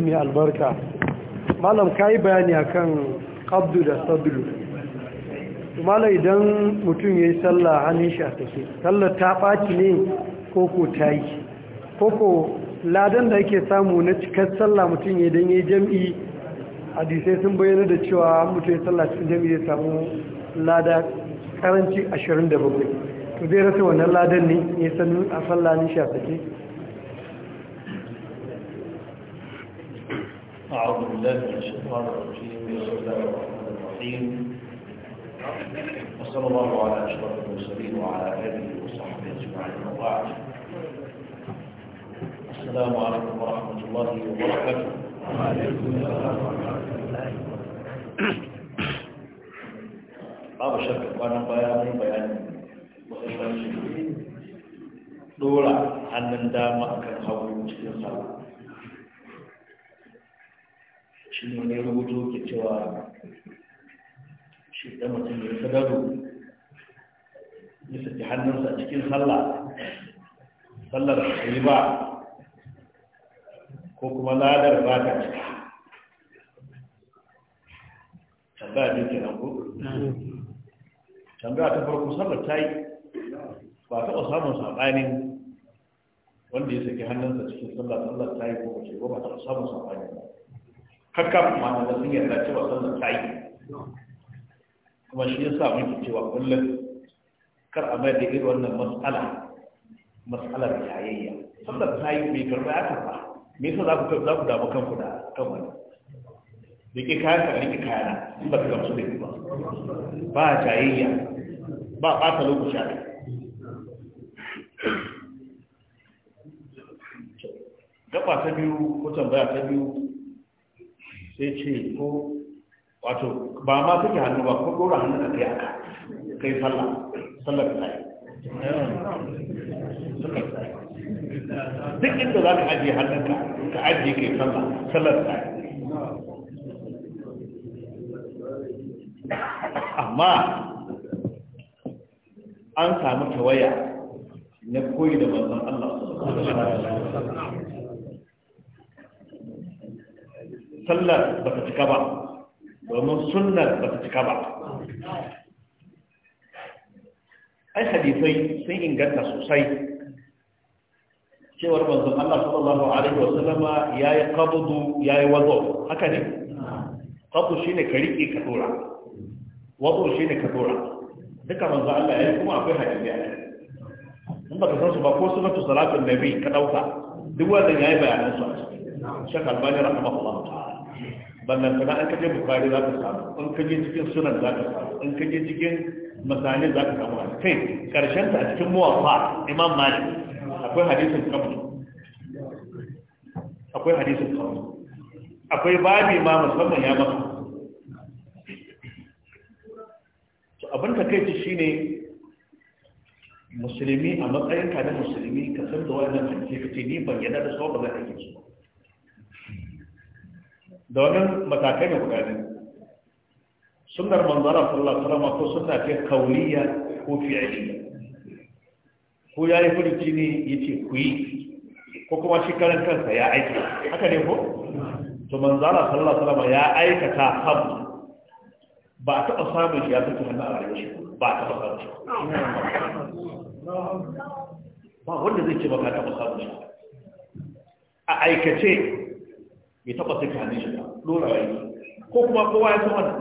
mai albarka malam ka yi bayani akan abdu da sabulu Kuma idan mutum ya yi sallah hannun shi a tafi sallah ta ɓaci ne koko ta yi koko ladan da yake samu na cikar sallah mutum ya don yi jam'i hadisai sun bayyana da cewa mutum ya sallah cikin jam'i ya samu lada karanci 27 to zai rasa wannan ladan ne ya sanin a sallah hannun shi a tafi الله من الشيطان الرجيم بسم الله الرحمن الرحيم وصلى الله على اشرف المرسلين وعلى اله وصحبه اجمعين وبعد السلام عليكم ورحمه الله وبركاته وعليكم السلام ورحمه الله وبركاته babu shakka kwanan بيان mun bayani muhimmanci dora hannun dama akan hagu cikin sallah shi ne wani rubutu ke cewa shi da mutum ya sadaro ya saki hannunsa cikin sallah sallar yi ba ko kuma ladar ba ta cika tambaya biyu ke nan ko tambaya ta farko sallar ta yi ba ba samun saɓanin wanda ya saki hannunsa cikin sallah sallar ta yi ko ba ce ba samun saɓanin ba kakkaf ma da sun yarda cewa sun ta yi kuma shi yasa muke cewa kullum kar a mai da irin wannan mas'ala matsalar yayayya sallar ta bai karɓa ya karɓa me yasa za ku za ku damu kanku da kan wani da ke kayan ka rike kayana in ba ka gamsu da ba ba jayayya ba ɓata lokaci a gaba ta biyu ko tambaya ta biyu sai ce ko wato ba ma suke hannu ba ko dora hannu a kai aka kai sallah sallar ta yi duk inda za ka ajiye hannunka ka ajiye kai sallah sallar ta amma an samu tawaya na koyi da manzon Allah sallallahu alaihi wasallam sallar ba ta cika ba domin sunnar ba ta cika ba ai hadisai sun inganta sosai cewar manzon Allah sallallahu alaihi wasallama yayi qabdu yayi wazo haka ne qabdu shine ka rike ka dora wazo shine ka dora duka manzon Allah yayi kuma akwai hadisi a in baka san su ba ko sunatu salatul nabi ka dauka duk wanda yayi bayanan su a cikin shakal bani rahimahullahu ta'ala ballan sana an kaje bukari za ka samu an kaje cikin sunan za ka samu an kaje cikin misali za ka samu kai karshen ta a cikin muwafa imam malik akwai hadisin kabri akwai hadisin kabri akwai babi ma musamman ya maka to abin ka kai ci shine musulmi a ka na musulmi ka san da wannan hadisi kace ni ban yarda da sabon da kake ba wani matakai ne guda ne sunar manzara sallallahu alaihi wasallam ko sunna ce kauliya ko fi'liya ko yayi furuci ne yace ku yi ko kuma shi karan kansa ya aiki. haka ne ko to manzara sallallahu alaihi wasallam ya aikata hab ba a taɓa samun shi ya fito hannu a rayuwar ba a taɓa samun shi ba wanda zai ce ba ka taɓa samun shi a aikace mai taɓa saka hannun shi ba dora yi ko kuma kowa ya san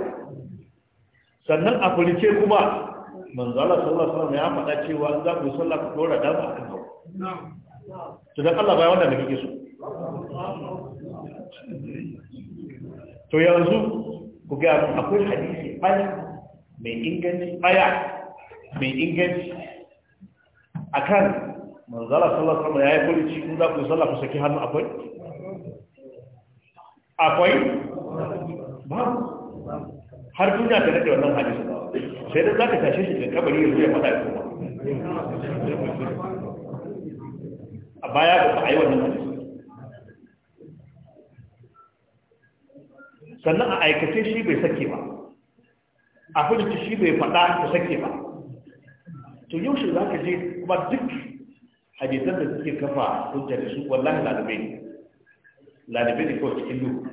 sannan a kulice kuma manzala sallallahu alaihi wasallam ya faɗa cewa in za ku yi sallah ku dora dama akan hau to dan Allah bai wanda da kike so to yanzu ku ga akwai hadisi aya mai inganci aya mai inganci akan manzala sallallahu alaihi wasallam ya yi kulici in za ku yi sallah ku saki hannu akwai akwai babu har duniya ta daɗe wannan hadisi sai da za ka tashe shi da kabari yanzu ya faɗa ya kuma a baya ba a yi wannan hadisi sannan a aikace shi bai sake ba a fulci shi bai faɗa ta sake ba to yau shi za ka je kuma duk hadisan da suke kafa hujja su wallahi ne lalibai ne kawai cikin duhu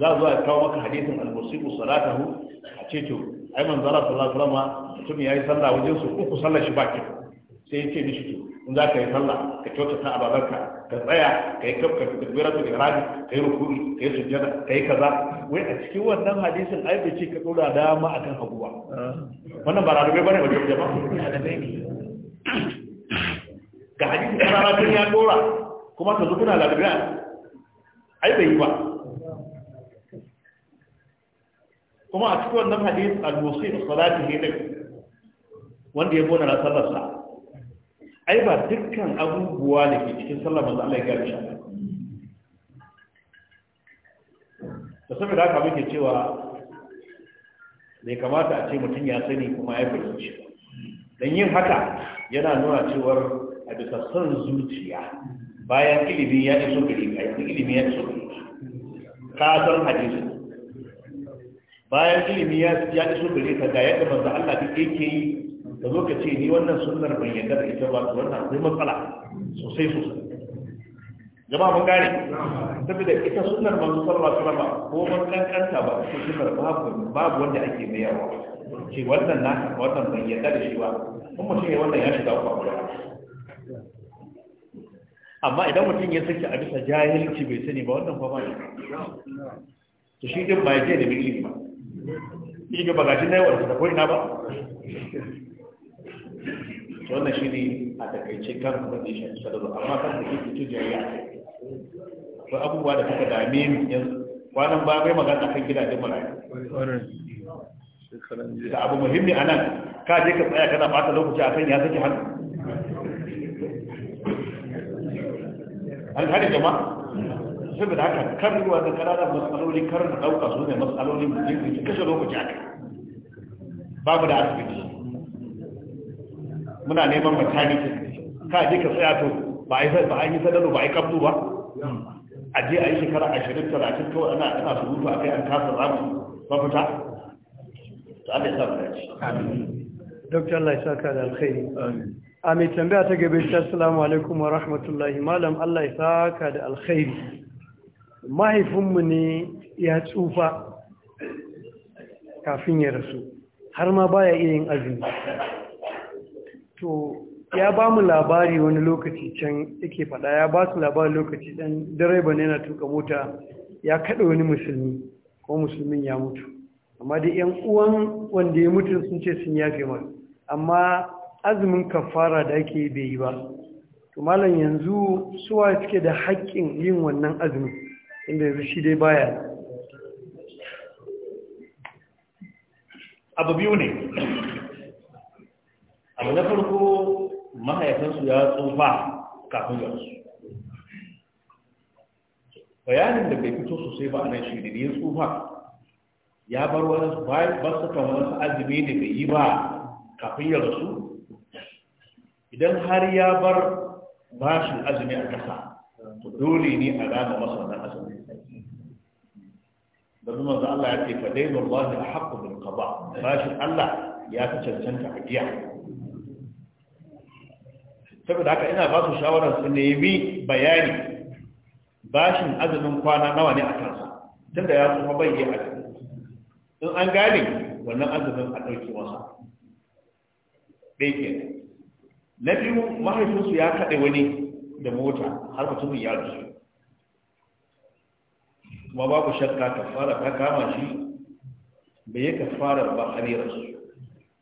za a zo a kawo maka hadisin al-musibu salatahu a ce to ai manzo Allah sallallahu alaihi wasallam mutum yayi sallah wajen su uku sallar shi baki sai ya ce mishi to in za ka yi sallah ka kyautata a bazarka ka tsaya ka yi kafka ka tabbira da irabi ka yi rukuri ka yi sujjada ka yi kaza wai a cikin wannan hadisin ai bai ce ka dora dama akan hagu ba wannan ba rarrabe bane ba jama'a ga hadisin karara tun ya dora kuma ka zo kuna ladabiya ai bai yi ba kuma a cikin wannan hadis al-musi da salati ne din wanda ya gona na sallarsa ai ba dukkan abubuwa da ke cikin sallar manzo Allah ya gari shi da saboda haka muke cewa bai kamata a ce mutum ya sani kuma ya fahimci dan yin haka yana nuna cewar a bisa son zuciya bayan ilimi ya iso gari a yanzu ilimi ya iso ka san hadisi bayan ilimi ya iso gari ka ga yadda manzo Allah duk yake yi da zo ka ce ni wannan sunnar ban yadda da ita ba to wannan akwai matsala sosai sosai jama'a mun gane saboda ita sunnar manzo sallallahu alaihi wasallam ko man kankanta ba ko sunnar babu babu wanda ake mayarwa ce wannan na wannan ban yadda da shi ba kuma shi wannan ya shiga kwakwalwa amma idan mutum ya saki a bisa jahilci bai sani ba wannan fama ne to shi din ba ya ce da bin ilimi ba shi ga bagashin na yawar da ko'ina ba wannan shi ne a takaice kan da shi shafi sadaro amma kan da ke fito a akwai abubuwa da suka dame mu yanzu kwanan ba mai magana kan gidajen marayu da abu muhimmi a nan ka je ka tsaya kana bata lokaci a kan ya saki hannu an gane jama'a saboda haka kan ruwa da kananan matsaloli kar da ɗauka su ne matsaloli da jirgin su kashe lokaci aka babu da asibiti muna neman mataniki ka je ka tsaya to ba a yi ba a yi sadaro ba a yi kabdu ba a je a yi shekara ashirin talatin kawai ana ana surutu a kai an kasa zamu mafita to Allah ya sa mu dace amin dokta Allah ya saka da alkhairi a mai tambaya ta gabe shi salamu alaikum wa rahmatullahi malam Allah ya saka da alkhairi mahaifinmu ne ya tsufa kafin ya rasu har ma baya iya yin azumi to ya ba mu labari wani lokaci can yake fada ya ba su labari lokaci dan direba ne yana tuka mota ya kada wani musulmi ko musulmin ya mutu amma da yan uwan wanda ya mutu sun ce sun yafe masa amma azumin kafara da ake bai yi ba to malam yanzu suwa suke da haƙƙin yin wannan azumin inda yanzu shi dai baya abu biyu ne abu na farko mahaifansu ya tsufa kafin yanzu bayanin da bai fito sosai ba a nan shi ne ya tsufa ya bar wani bayan basu kan wani azumi da bai yi ba kafin ya rasu idan har ya bar bashin azumi a ƙasa to dole ne a rana masa wannan azumi da zuma za Allah ya ce fa dai wallahi a haƙƙo bil qada bashin Allah ya fi cancanta a giya saboda haka ina ba su shawarar su nemi bayani bashin azumin kwana nawa ne a kansa tunda ya kuma bai yi in an gane wannan azumin a ɗauki masa ɗai kenan na biyu mahaifinsu ya kaɗe wani da mota har mutumin ya rasu kuma babu shakka fara ta kama shi bai yi fara ba har yi rasu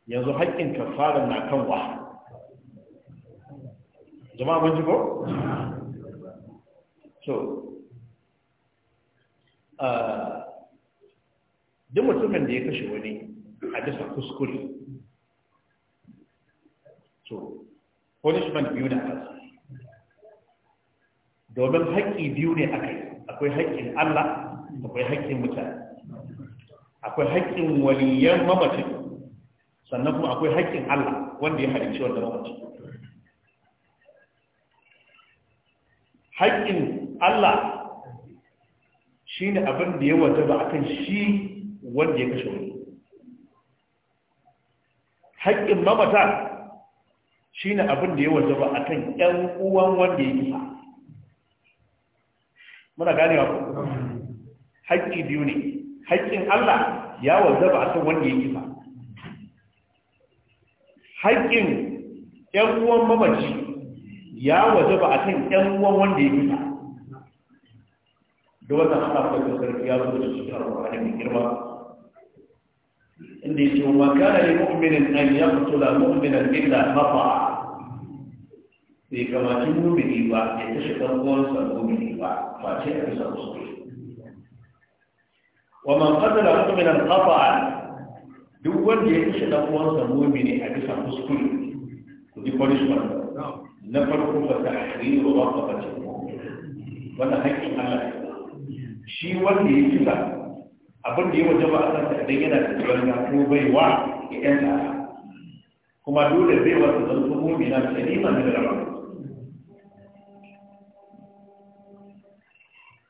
yanzu haƙƙin fara na kan wa jama'a mun ji ko so duk mutumin da ya kashe wani a bisa kuskure so punishment biyu ne a domin haƙƙi biyu ne a kai akwai haƙƙin Allah akwai haƙƙin mutane akwai haƙƙin waliyan mamacin sannan kuma akwai haƙƙin Allah wanda ya halicci wanda mamacin haƙƙin Allah shi ne abin da ya wajaba a kan shi wanda ya kashe wani haƙƙin mamata shine abin da ya a kan ƴan uwan wanda ya kisa muna ganewa ko haƙƙi biyu ne haƙƙin Allah ya a kan wanda ya kisa haƙƙin ƴan uwan mamaci ya a kan ƴan uwan wanda ya kisa da wannan ana fara da sarki ya rubuta shi a rubuta da girma inda yake wa kana lil mu'minin an yaqtula mu'minan illa khata bai kamaci mu'mini ba ya kashe dan uwansa mu'mini ba ce a bisa kuskure wa man qatala mu'minan khata duk wanda ya kashe dan uwansa mu'mini a bisa kuskure ku ko punishment na farko fa tahriru raqabatin mu'min wannan haƙƙin Allah shi wanda ya kisa abin da ya waje ba a san idan yana da tsarga ko wa ya yan tsara kuma dole zai wasu zanto mumina da kalima da rama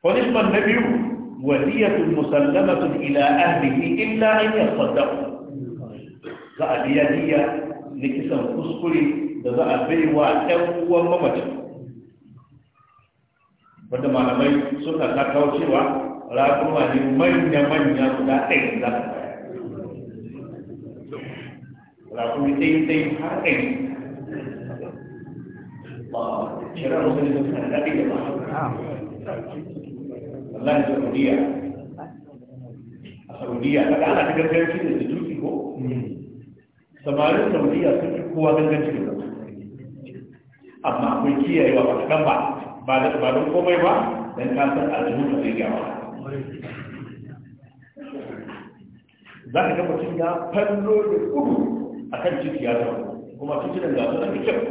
ونسبة النبي ودية مسلمة إلى أهله إلا أن يصدقوا za a biya diya na kisan kuskure da za a bai wa ɗan uwan mamacin wanda malamai suna ta kawo cewa raƙuma ne manya-manya guda ɗaya za ka bayar raƙumi ɗaya ɗaya har ba shirar wasu da suna daɗi da ba Allah ya Saudiya a Saudiya kaga ana ta gargaci da su duki ko samarin Saudiya sun fi kowa gargaci da su amma akwai kiyayewa ba ta ba ba da komai ba don kasar aljihun da zai gyawa za ka ga mutum ya fallo da kudu a kan ciki ya zama kuma ciki da gasu na kyau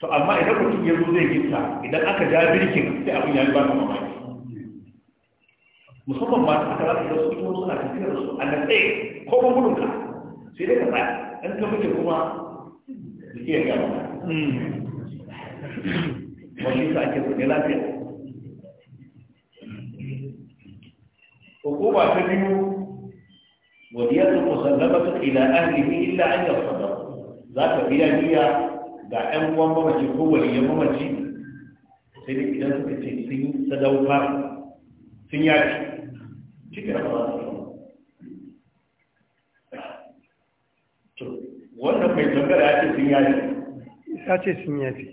to amma idan mutum ya zo zai ginta idan aka ja birkin sai abin ya ba ka mamaki musamman ma ta aka zafi da su ito suna tafiyar su a nan tsaye ko ba gudunka sai dai ka tsaya in ka fice kuma da ke gaba hmm. wani sa ake zaune lafiya hukuma ta biyu wadiyatu musallabatu ila ahlihi illa an yasaddaqa za ka biya biya ga ƴan uwan mamaci ko wani ya mamaci sai dai idan suka ce sun yi sadauka sun yaki cikin rafa to wannan mai tambayar ya ce sun yaki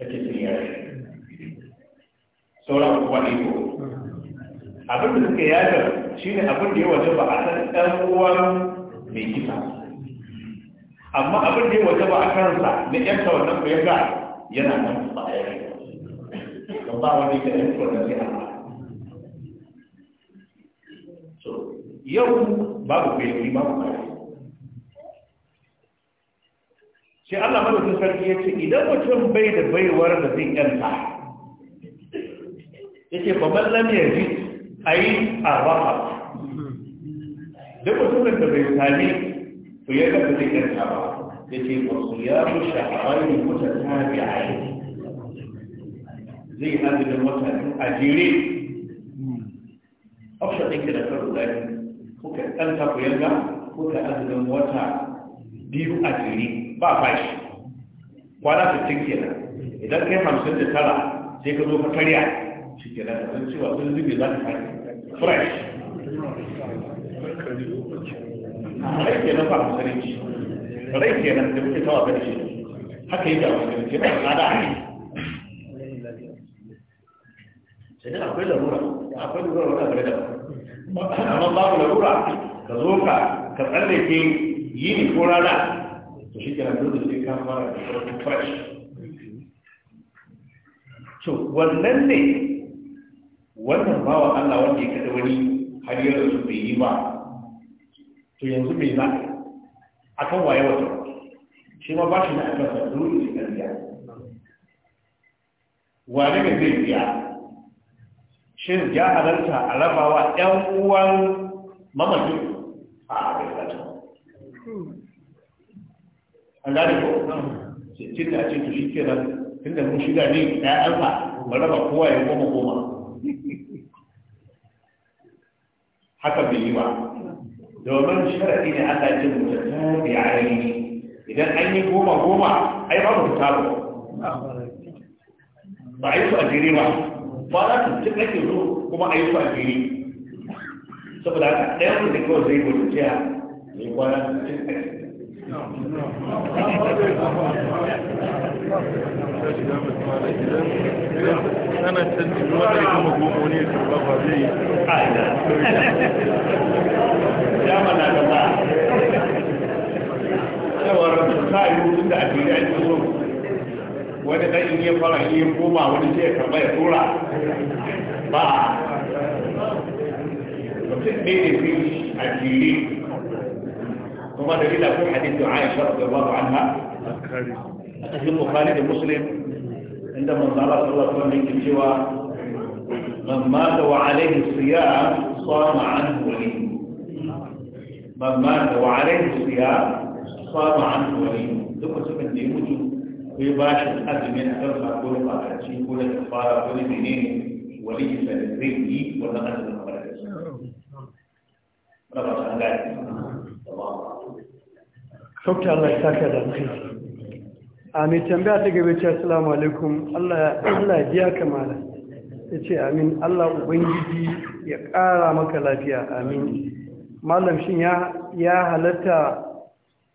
ya ce sun yaki ya ce sun yaki sauran kuwa ne ko abin da suka yadar shi ne abin da ya waje ba a san ɗan uwan mai kisa amma abin da ya waje ba a kansa na ƴanta wannan ku yaga yana nan ba a yare don ba wani ka ƴanta wannan sai Allah so yau babu bai babu kare shi Allah madaukin sarki ya ce idan mutum bai da baiwar da zai yanta ya ce ba mallam ya ji ai a raha duk mutumin da bai sami ku ya ga zai kanta ba ya ce ba su ya fi wata ta biya a yi zai azumin wata a jere option ɗin ki da kan guda ne kuka ɗanta ku yanga kuka da wata biyu a jere ba fashi kwana 60 kenan idan kai tara sai ka zo ka karya shi kenan da cewa sun zube za ta fadi fresh rai ke nan fa musulunci rai ke nan da kuke tawa bane haka yake a musulunci rai na da ne sai dai akwai larura akwai larura wanda gare da amma babu larura ka zo ka ka tsallake yini ko rana to shi kenan dole sai ka fara da fresh to wannan ne wannan bawa Allah wanda ya kada wani har ya rasu bai yi ba to yanzu me za a kan waye wata shi ma ba shi na akan sa dole shi kan biya wa daga zai biya shin ya halarta a rabawa ƴan uwan mamaki a bai zata an gane ko tun da a ce to shi kenan tun da mun shiga ne ɗaya alfa mu raba kowa ya goma goma haka bai yi ba domin sharaɗi ne Allah ce mu ta ya yi idan an yi goma goma ai yi mu ta ba ba a yi su a jiri ba ba za su ci ake zo kuma a yi su a jiri saboda ɗaya ɗayan da kawai zai gudu ciya ne kwanan cikin ana can cikin wata ya gama goma wani ya turba ba zai yi ya mana da ba cewar ta yi hutun da ake yi ake so wani ɗan in yi fara yi goma wani ce ya karɓa ya tura ba mutum ɗaya ne fi a وما دليل في حديث عائشة رضي الله عنها أخذ البخاري المسلم عندما قال صلى الله عليه وسلم سوى من مات وعليه الصيام صام عنه وليه من مات وعليه الصيام صام عنه وليه دكتور سكن ديموني akwai bashin azumin a kan sako da fatarci ko da tafara ko da menene wani isa da zai yi Dokta Allah ya saka da alkhairi. A tambaya ta gabe ce assalamu alaikum Allah ya biya ka malam. Yace amin Allah ubangiji ya kara maka lafiya amin. Malam shin ya ya halatta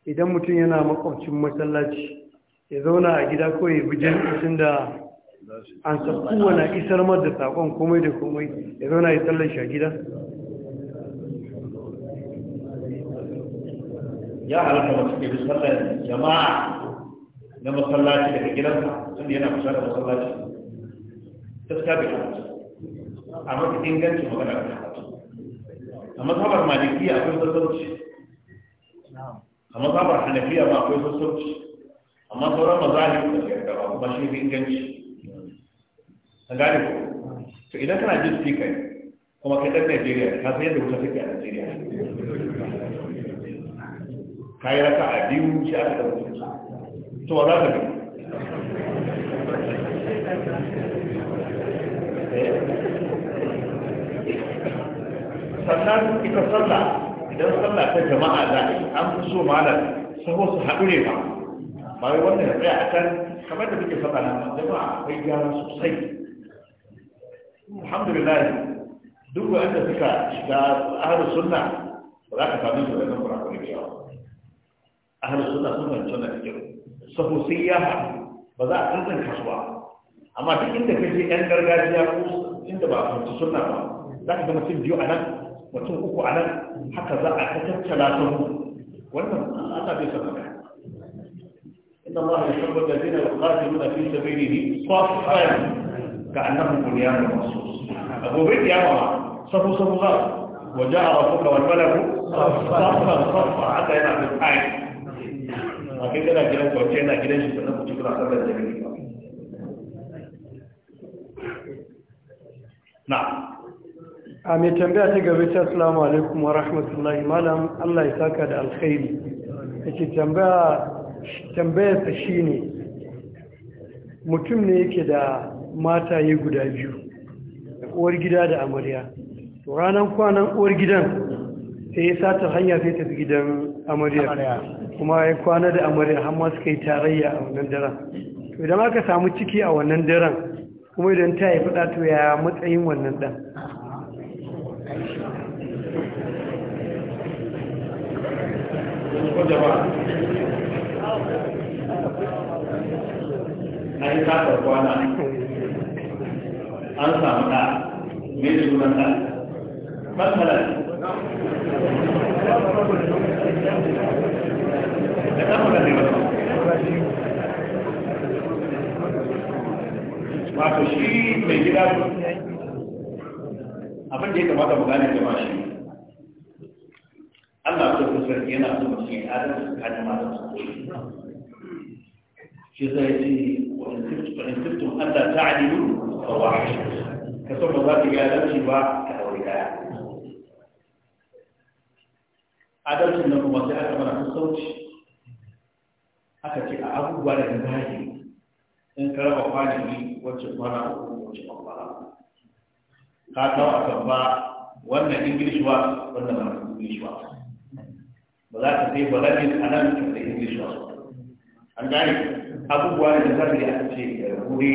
idan mutum yana makwabcin masallaci ya zauna a gida ko ya bi jami'in da an sa na isar mar da sakon komai da komai ya zauna ya sallar shi a gida. ya halatta masu ke sallar jama'a na masallaci daga gidansa tun yana kusa da masallaci ta ta bi a mafi inganci magana ta. a mazhabar maliki akwai sassauci a mazhabar hanafiya ma akwai sassauci amma sauran mazahir da yarda ba kuma shi inganci A gane ko to idan kana jin speaker kuma kai dan Najeriya ka san yadda wuta take a Najeriya kayi raka a biyu shi aka ɗauki to za ka bi sannan ita sallah idan sallah ta jama'a za a yi an fi so malam saho su haɗu ne ba ba wai wannan ya tsaya a kan kamar da muke sallah na jama'a akwai gyara sosai alhamdulillah duk wanda suka shiga ahlus sunna ba za ka sami su da nan kurakurai da yawa أهل السنة سنة سنة كتير سفوسية بزا سنة كسوا أما تكين تكيسي أن درجاتي أقوس أنت بقى سنة سنة ذاك ده مسيب ديو أنا وتم أكو أنا حتى ذا أكثر ثلاثة وأنا أتى سنة إن الله يحب الذين يقاتلون في سبيله صفا كأنهم بنيان مخصوص أبو بيت يا ماما صفو صفو غاز وجاء ربك والملك صفا صفا حتى ينعم الحائط Akwai kai kana gidan kwace yana gidan shi sannan kuci kuna sallar gari ba na a mai tambaya ta gaba ta asalamu alaikum wa rahmatullahi malam Allah ya saka da alkhairi yake tambaya tambaya ta ne. mutum ne yake da mataye guda biyu da uwar gida da amarya ranar kwanan uwar gidan sai ya sata hanya sai tafi gidan amarya kuma ya kwana da amarya har ma suka yi tarayya a wannan daren idan aka samu ciki a wannan daren kuma idan ta yi fada to ya matsayin wannan dan an kwana an samu ɗa mai sunan ɗa wato shi mai gida abin da ya kamata mu gane jama'a shi Allah ta kusa yana so mu shi adam da kan mata shi zai ji wa in kuntum in kuntum alla ta'dilu fa Ka kaso ba za ka yi adalci ba ka daure daya adalcin na kuma sai aka mana sauci aka ce a abubuwa da zahiri in ka raba yi wacce kwana uku wacce kwakwara ka kawo a gaba wannan english wa wannan na english wa ba za ka sai balabin a nan ka sai english wa an gane abubuwa da zahiri aka ce wuri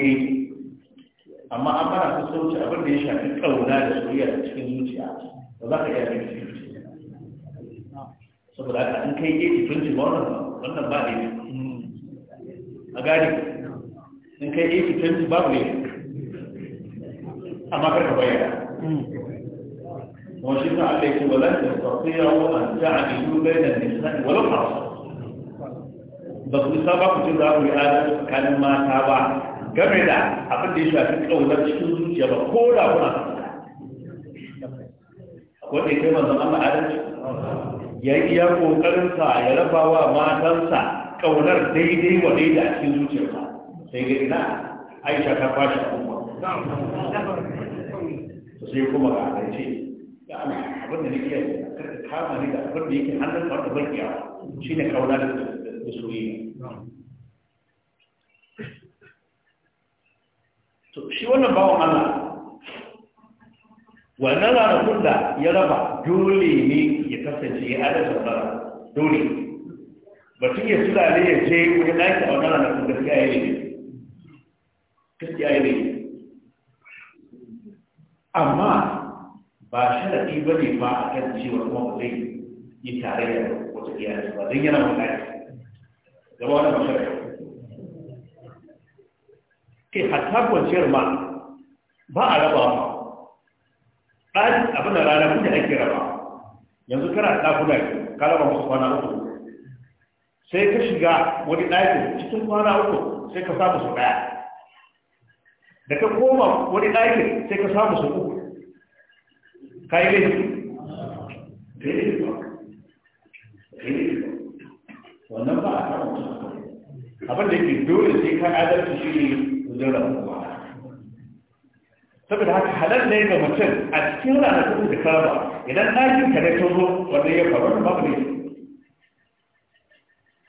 amma an mana sauci abin da ya shafi kauna da soyayya da cikin zuciya ba za ka iya bin zuciya saboda haka an kai gefe twenty ba wannan wannan ba ne a gari an kai gefe twenty ba ne amma karka bayyana وشفنا عليك ولن تستطيعوا ba تعملوا بين النساء ku حرصوا باقتصابة كتير أبو يآدم كان ما game da abin da ya shafi ƙaunar cikin zuciya ba ko da kuna da ya kai manzan Allah adalci ya yi iya ƙoƙarinsa ya raba wa matansa ƙaunar daidai wa daidai a cikin zuciyarsa sai ga ina aisha ta kuma Ta sai kuma ga ce. ya ana abin da nake yi karka kama ni da abin da yake hannun da bakiya shi ne ƙaunar da soyayya to shi wannan bawon Allah wannan ranakun da ya raba dole ne ya kasance ya hada saurara dole batun ya sulale ya ce ya ɗaki a wannan ranakun gaskiya ya ne gaskiya ya yi amma ba shi ɗi ba ne ba a kan cewa kuma ba zai yi tare da wata iyali ba zai yana mutane zama wani masharaɗi kai hatta kwanciyar ma ba a raba ba. tsari abin da rana kuka ake raba yanzu kana ɗakuna ka raba musu kwana uku sai ka shiga wani ɗakin cikin kwana uku sai ka samu su ɗaya da ka koma wani ɗakin sai ka samu su uku ka yi laifi wannan ba a kama abin da ke dole sai ka adalci shi ne wajen rabuwa saboda haka halal ne ga mutum a cikin ranakun da karama idan ɗakin ka ne tozo wanda ya faru da babu laifi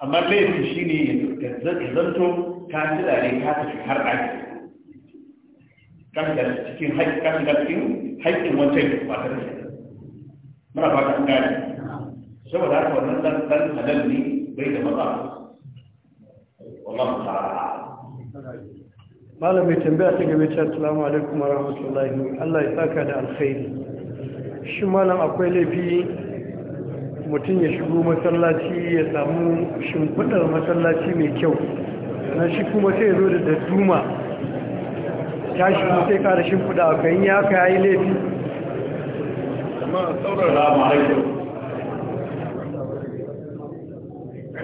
amma laifin shi ne ya zanto ka ji dare ka tafi har ɗaki ka shiga cikin haƙƙin ka shiga cikin haƙƙin wancan ba ta rage muna fata an gane saboda haka wannan dan dan halal ne bai da matsala wallahu ta'ala mai tambaya ta gabe ta salamu alaikum wa rahmatullahi Allah ya saka da alkhairi shi malam akwai laifi mutum ya shigo masallaci ya samu shimfiɗar masallaci mai kyau na shi kuma sai zo da duma ta shi kuma sai kada shimfiɗa a kan ya ka yi laifi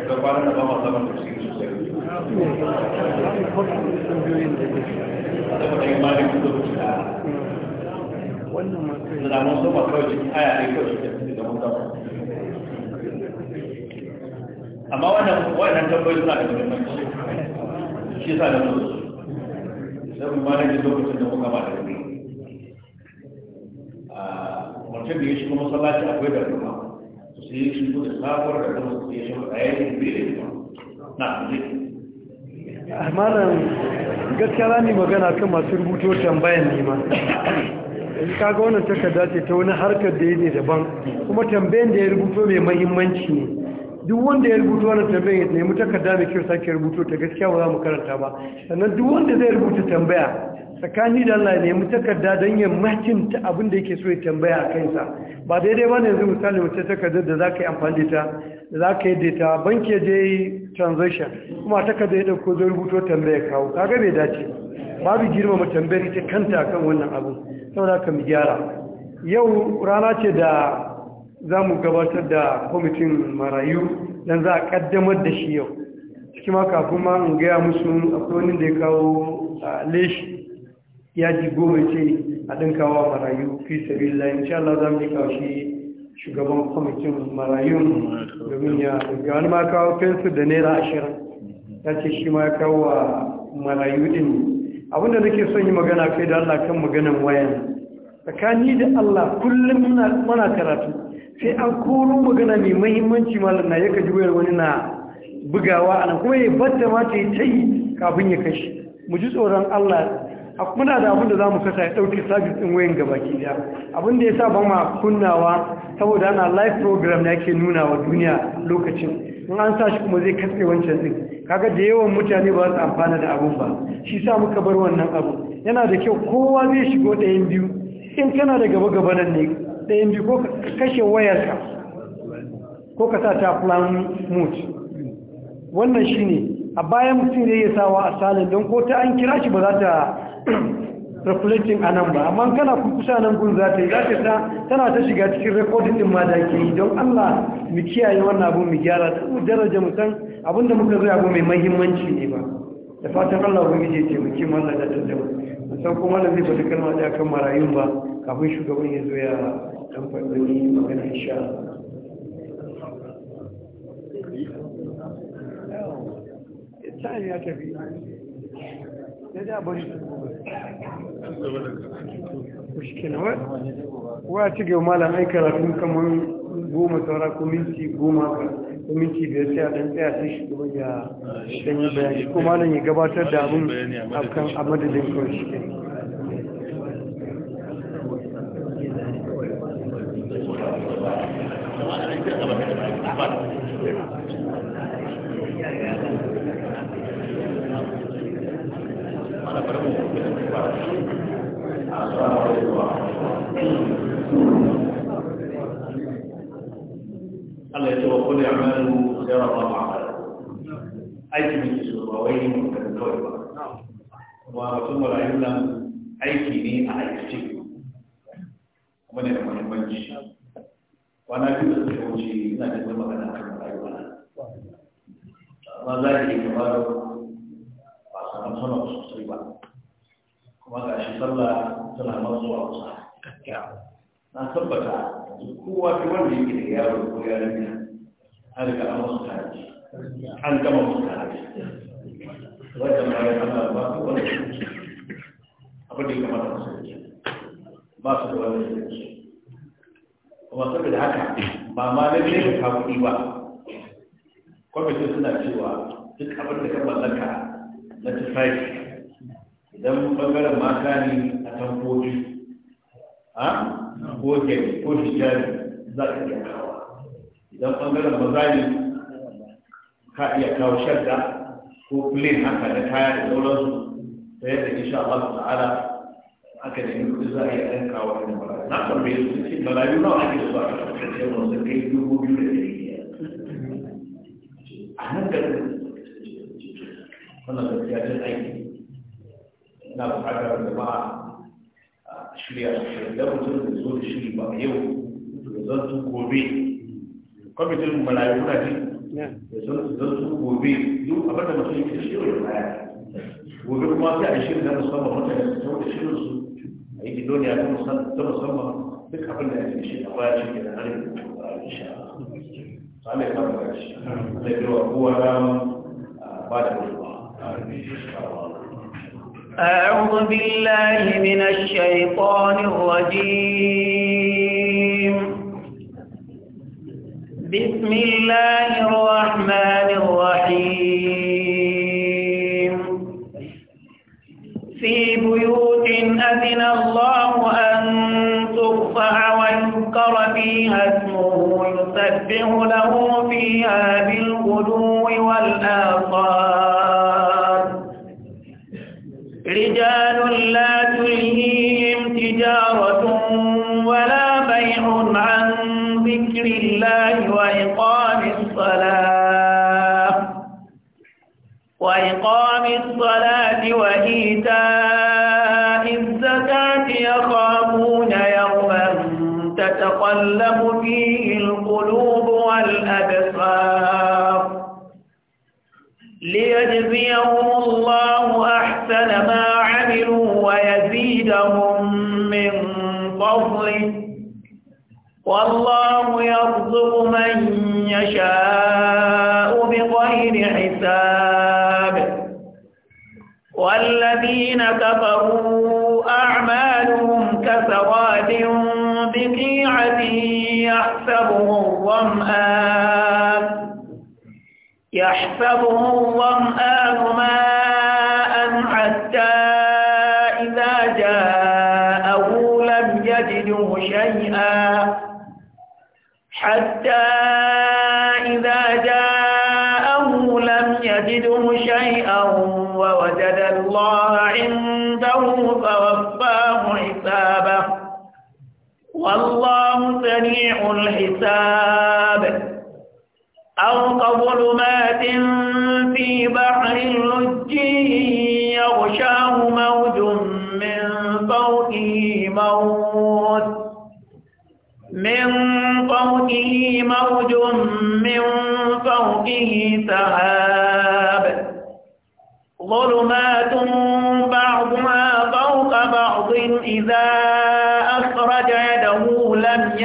da ba masu da cikin aya ne amma wannan wannan tambayi suna da muhimmanci shi yasa da mutu sai mun bada ji da muka ba da ni a mutum da ya shiga masallaci akwai da kuma su sai shi da sabuwar da kuma su ya shiga a yayin da ya na ji Ah, malam gaskiya rani magana kan masu rubuto tambayan nema kaga wannan takarda ce ta wani harkar da ya ne daban kuma tambayan da ya rubuto mai muhimmanci ne duk wanda ya rubuta wannan tambayar ne mu takarda mai kyau sake rubuto ta gaskiya ba za mu karanta ba sannan duk wanda zai rubuta tambaya tsakani da Allah nemi takarda don matin ta abin da yake so ya tambaya a kansa ba daidai ba ne yanzu misali ta takardar da za ka yi amfani da da za ka yi data banki ya yi transaction kuma takarda ya ɗauko zai rubuto tambaya kawo kaga bai dace babu girma mu tambayar ita kanta akan wannan abu saboda ka mu gyara yau rana ce da za mu gabatar da kwamitin marayu don za a kaddamar da shi yau cikin ma kafin ma in gaya musu akwai da ya kawo a leshi ya ji goma ce a ɗin kawo marayu fi sabi lai Allah za mu yi kawo shi shugaban kwamitin marayu domin ya ga wani ma kawo fensu da naira ashirin ya ce shi ma kawo wa marayu ɗin abinda nake son yi magana kai da Allah kan maganan wayan tsakani da Allah kullum muna karatu sai an koron magana mai mahimmanci malam na ya kaji wayar wani na bugawa a nan kuma ya batta ma ta yi ta yi kafin ya kashe mu ji tsoron allah muna da abin da za mu kasa ya ɗauki sabis ɗin wayan gaba daya abin da ya sa ba ma kunnawa saboda ana live program da yake nuna wa duniya lokacin in an sa shi kuma zai katse wancan ɗin kaga da yawan mutane ba su amfana da abun ba shi sa muka bar wannan abu yana da kyau kowa zai shigo ɗayan biyu in kana da gaba gaba nan ne da yin ko kashe wayarka ko ka sa ta plan mut wannan shi ne a bayan mutum da ya sawa a salin don ko ta an kira shi ba za ta reflecting a nan ba amma kana kusa nan gun za ta yi za ta ta tana ta shiga cikin recording din ma da ke yi don Allah mu kiyaye wannan abu mu gyara ta daraja mu san da muka zo abu mai mahimmanci ne ba da fatan Allah ku ya ce mu Allah da tattauna san kuma da zai fata kalma da kan marayun ba kafin shugaban ya zo ya don farfari magana sha eh, ya tafi da ci malam ai karatu kamar goma saura ko minti goma ko minti biyar sai a tsaya sai shi ya ah, bayani ko malam ya gabatar da abin a madadin kawai Allah ya ne ba ne aiki ne a ne da muhimmanci kwana biyu da suka wuce ina da kuma magana kan rayuwa amma za ki yi kamar ba su nan sana sosai ba kuma ga shi sallah tana mazuwa kusa na tabbata yanzu kowa ta wanda yake da yaro ko an riga an wasu tare an gama wasu tare wanda ma ya kama ba su wani abin da ya kamata su ba su da wani kuma saboda haka ba ma da ne ka kuɗi ba kwamitin suna cewa duk abin da ka mallaka na tufafi idan bangaren mata ne a kan kofi a ko gari ko hijabi za ka iya kawo idan bangaren maza ne ka iya kawo shadda ko plane haka da kaya da sauransu ta yadda insha Allah ta'ala aka da yi kuɗi za a yi ɗan kawo kan bara na tambaye su ce malayu nawa ake zuwa a kasar ce wanda kai dubu biyu da ɗari biyar a nan garin wannan gaskiya jin aiki na buƙatar jama'a a shirya shirya da mutum da zo da shiri ba yau da zan su gobe kwamitin malayu na ji da sun zan su gobe duk abin da mutum yake shirya baya gobe kuma sai a shirya na musamman mutane su tau da shirin su يجي الدنيا يكون صلى ثم ثم بك كل شيء واجب كده هل ان شاء الله عامل خالص لكن هو رام بعد أعوذ بالله من الشيطان الرجيم بسم الله الرحمن الرحيم بيوت أذن الله أن ترفع ويذكر فيها اسمه يسبح له فيها بالغدو والآصال رجال لا تلهيهم تجارة ولا بيع عن ذكر الله وإقام الصلاة وإقام الصلاة وإيتاء تتقلب فيه القلوب والأبصار ليجزيهم الله أحسن ما عملوا ويزيدهم من فضله والله يرزق من يشاء بغير حساب والذين كفروا الظمآن يحسبه الظمآن ماءً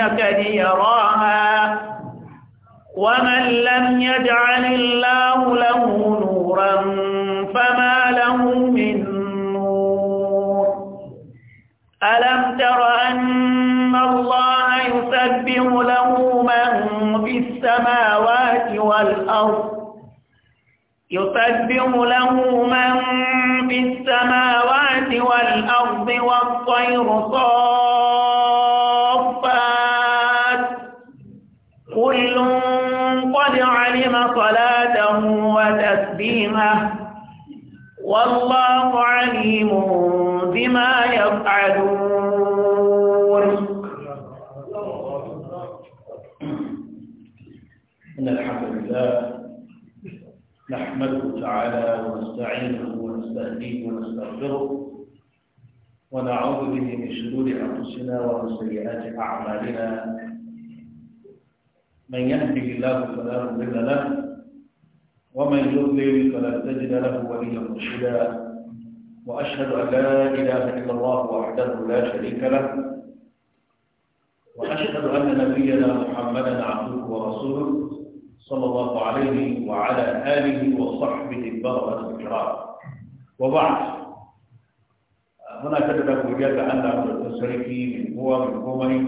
يكن يراها ومن لم يجعل الله له نورا فما له من نور ألم تر أن الله يسبح له من في السماوات والأرض يسبح له من في السماوات والأرض والطير صار الكلمة والله عليم بما يفعلون إن الحمد لله نحمده تعالى ونستعينه ونستهديه ونستغفره ونعوذ به من شرور أنفسنا ومن سيئات أعمالنا من يهده الله فلا مضل له ومن يضلل فلن تجد له وليا مرشدا وأشهد أن لا إله إلا الله وحده لا شريك له وأشهد أن نبينا محمدا عبده ورسوله صلى الله عليه وعلى آله وصحبه البررة الكرام وبعد هنا كتب وجاءت أن عبد المشركي من قوى من قومي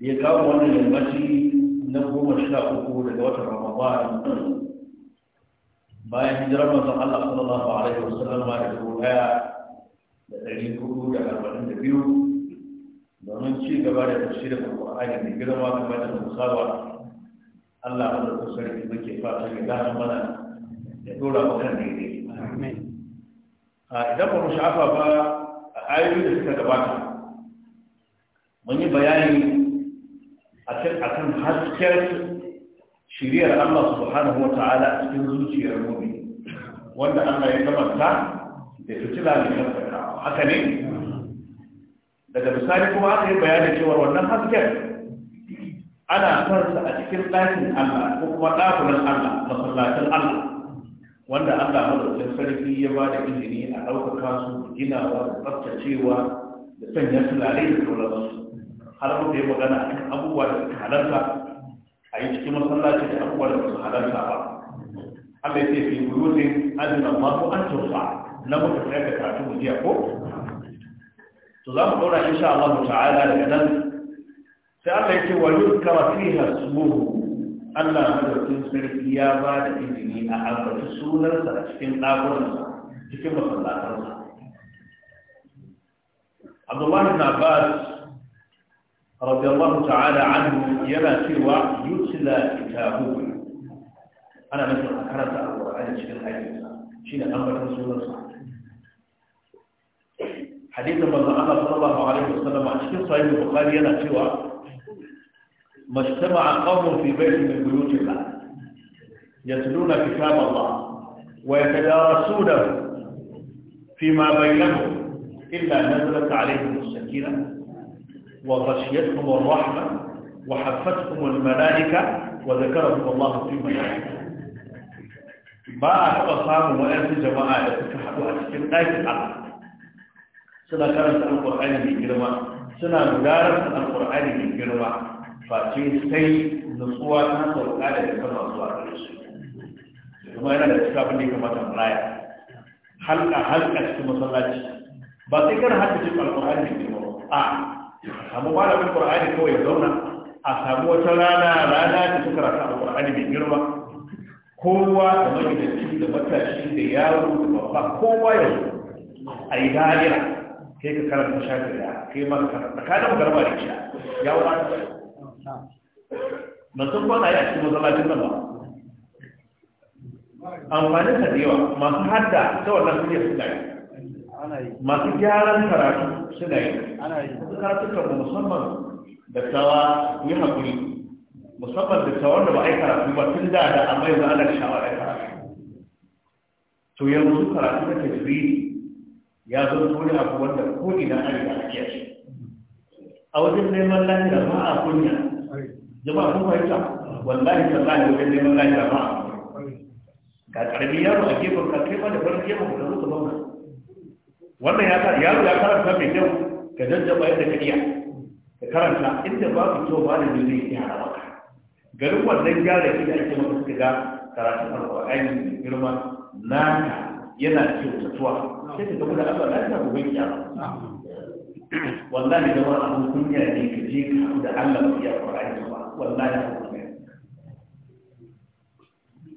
ليكون المسجد na goma sha uku daga watan ramadan bayan hijirar manzon Allah sallallahu alaihi wasallam da dubu daya da ɗari hudu da arba'in da biyu domin ci gaba da tafsirin alƙur'ani mai girma kamar da musawa Allah mana da sarki muke fata ya gane mana ya dora mu kan daidai idan ba mu sha'afa ba a ayoyi da suka gabata mun yi bayani akan hasken shiriyar Allah subhanahu wa ta'ala a cikin zuciyar mu'min wanda Allah ya kamanta da fitila ne kan haka ne daga misali kuma aka yi bayanin cewa wannan hasken ana farsa a cikin ɗakin Allah ko kuma ɗakunan Allah masallacin Allah wanda Allah madaukakin sarki ya ba da izini a ɗaukaka su ginawa da tsaftacewa da sanya tulare da sauransu har mu yi magana akan abubuwa da suka halarta a yi cikin masallaci da abubuwa da suka halarta ba Allah ya ce fi buyutin azina ma ko an turfa na muka tsaya ka karatu mu jiya ko to za mu daura insha Allah ta'ala daga nan sai Allah ya ce wa yuzkara fiha ismuhu Allah madaukin sarki ya ba da izini a ambaci sunansa a cikin ɗakunansa cikin masallatansa. Abdullahi na Abbas رضي الله تعالى عنه يما سوى يتلى كتابه أنا مثل أكرت القرآن شيء الحديث شيء أمر رسول الله حديث من الله صلى الله عليه وسلم عن شيخ صحيح البخاري يما سوى ما اجتمع قوم في بيت من بيوت الله يتلون كتاب الله ويتدارسونه فيما بينهم إلا نزلت عليهم السكينة وغشيتهم الرحمة وحفتهم الملائكة وذكرهم الله في ملائكة ما أحب أصحابه وإنسي جماعة يتفحوا أسكن آيك الأرض سنة كانت القرآن من جنوة سنة مدارس القرآن من جنوة فأتين من نصوى كانت القرآن يتفحوا أصوات الرسول ثم أنا أتكاب لي كما تمرايا حلقة حلقة كما صلاتي بطيقر حتى تفحوا القرآن من جنوة آه amma ba da malamin qur'ani kawai ya zauna a samu wata rana rana da suka rasa a alqur'ani mai girma kowa da magidanci da matashi da yaro da babba kowa ya zo a yi da'ira kai ka karanta shafi da kai ma ka karanta ka da magarba da shi ya wata ba sun yi a cikin masallacin nan ba amfanin sa da yawa masu hadda ta wannan kuɗi su gari masu gyaran karatu suna yi wasu karatuka musamman da dattawa yi haƙuri musamman da tsawon da ba a yi karatu ba tun da da amma yanzu ana yi karatu to yanzu karatu na jiri ya zo wani abu wanda ko idan an yi a iya a wajen neman lahira ba a kunya jama'a kun fahimta wallahi tallahi wajen neman lahira ba a kunya ga karbi yaro a gefen ka kai ma da farin gefen ka zo ta zauna wannan ya ya ya karanta mai kyau ka jajjaba yadda ka iya ka karanta inda ba kyau ba da zai iya maka garin wannan gyara ki da ake maka suka ga karatun alƙur'ani mai girma naka yana kyautatuwa sai ka ga da Allah lafiya gobe kiyama wallahi da wani abu kunya ne ka je ka da Allah ba ya fara ba wallahi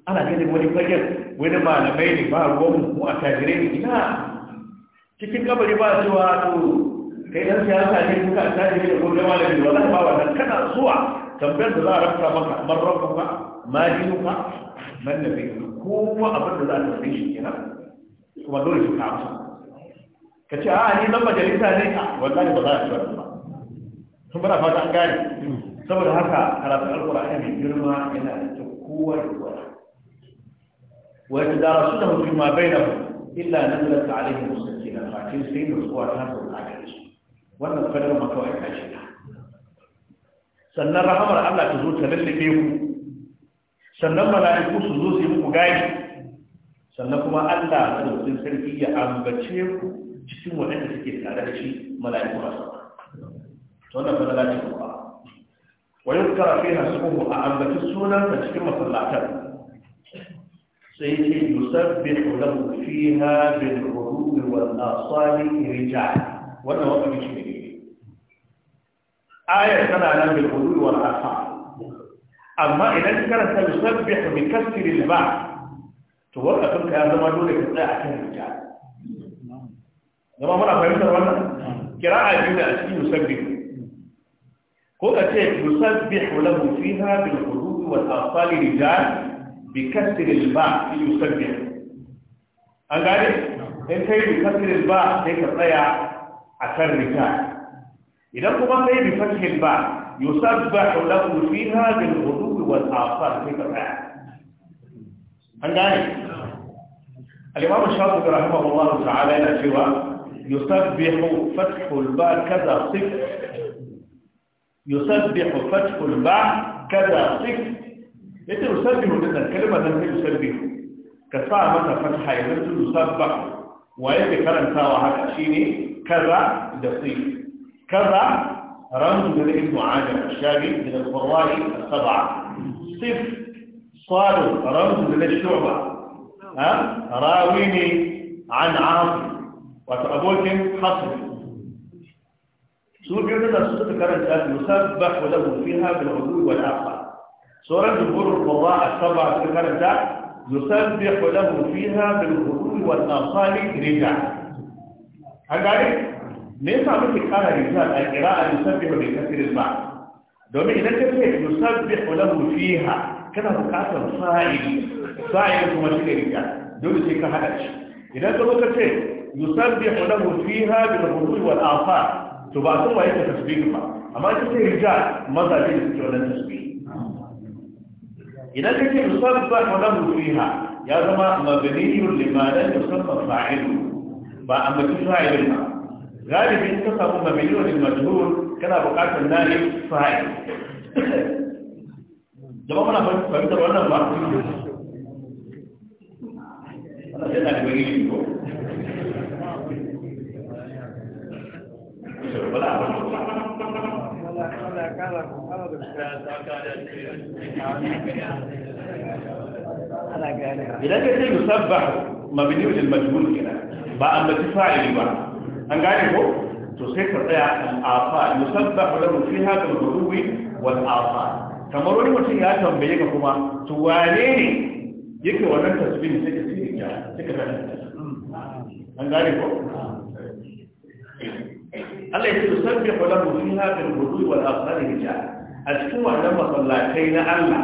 ana ganin wani fagen wani malamai ne ba ruwan mu a tajirai ne ina cikin kabari ba cewa to kai dan siyasa yi kuka tashi da ko da malami wallahi ba wannan kana zuwa tambayar da za a rabta maka man rabbuka ma dinuka man ko kowa abin da za a tambaye shi kenan kuma dole shi ka amsa ka ce a ni dan majalisa ne a wallahi ba za a ci ba sun bada fata an gane saboda haka karatu alkur'ani mai girma yana da kowa da kowa wata dara suna mutum ma bai da illa da nazalat alaihim da fatin sai da zuwa ta sauka gare su wannan kalma kawai ta shiga sannan rahamar Allah ta zo ta lallabe ku sannan mala'iku su zo su yi muku gani sannan kuma Allah ta dauki sarki ya ambace ku cikin waɗanda suke tare da shi mala'iku a sama to wannan fadala ce ba wa yuzkara fiha ismuhu a sunan sunansa cikin masallatan سيدي يسبح له فيها بالغدو والآصال رجال وانا وقت مش مجيب آية سنة لم بالغدو والآصال أما إذا كانت يسبح بكسر البعض توقع تلك يا زمان دولة تطلع كان رجال زمان مرة فهمت وانا قراءة جدا أسكين يسبح هو أتيت يسبح له فيها بالغدو والآصال رجال بكسر الباء يسبح أقالي إن كي بكسر الباء هيك طيع أثر ركاع إذا كما كي بفتح الباء يسبح له فيها بالغدو والآثار هيك طيع أقالي الإمام الشافعي رحمه الله تعالى إلى سوى يسبح فتح الباء كذا صفر يسبح فتح الباء كذا صفر إذا musabbihu din nan kalmar nan ta musabbihu ka sa masa fatha ya zanto musabbah wa yake karantawa haka رمز من ابن عادم الشامي من القرآن السبعة صف صاد رمز من الشعبة ها راويني عن عاصم وتأبوكم حصر سوء جدا سوء كرنت مسبح وله فيها بالعدو والعقل سورة الجمهور القضاء السبع ذكرت يسبح له فيها بالغدو والآصال رجع هل ليس عمك قال رجال القراءة يسبح بكثير الماء domin idan ka ce yusabbihu lahu fiha kana bukatar sa'i sa'i kuma shi ne riya dole sai ka hada shi idan ka ka ce yusabbihu lahu fiha bil hudud wal to ba sun waye ka tasbihi ba amma rija mazaje da suke idan kake musabbah lahu fiha ya zama mabniyun lima la yusamma fa'il ba amma fa'il ba galibin ka samu mabniyun lil kana buƙatar nani fa'il jama'a mana fahimtar wannan ba ana yana da bari ko idan ka ce musabba mabini wajen majhul kenan ba a mace fa'ili ba an gane ko to sai ka tsaya al'afa musabba wa lahu fiha kal ghurubi wal afa kamar wani mutum ya tambaye ka kuma to wane ne yake wannan tasbihin sai ka ce ya sai ka tsaya an gane ko Allah ya tusabbi wa lahu fiha bil hudu wal afsari rijal a cikin wannan masallatai na Allah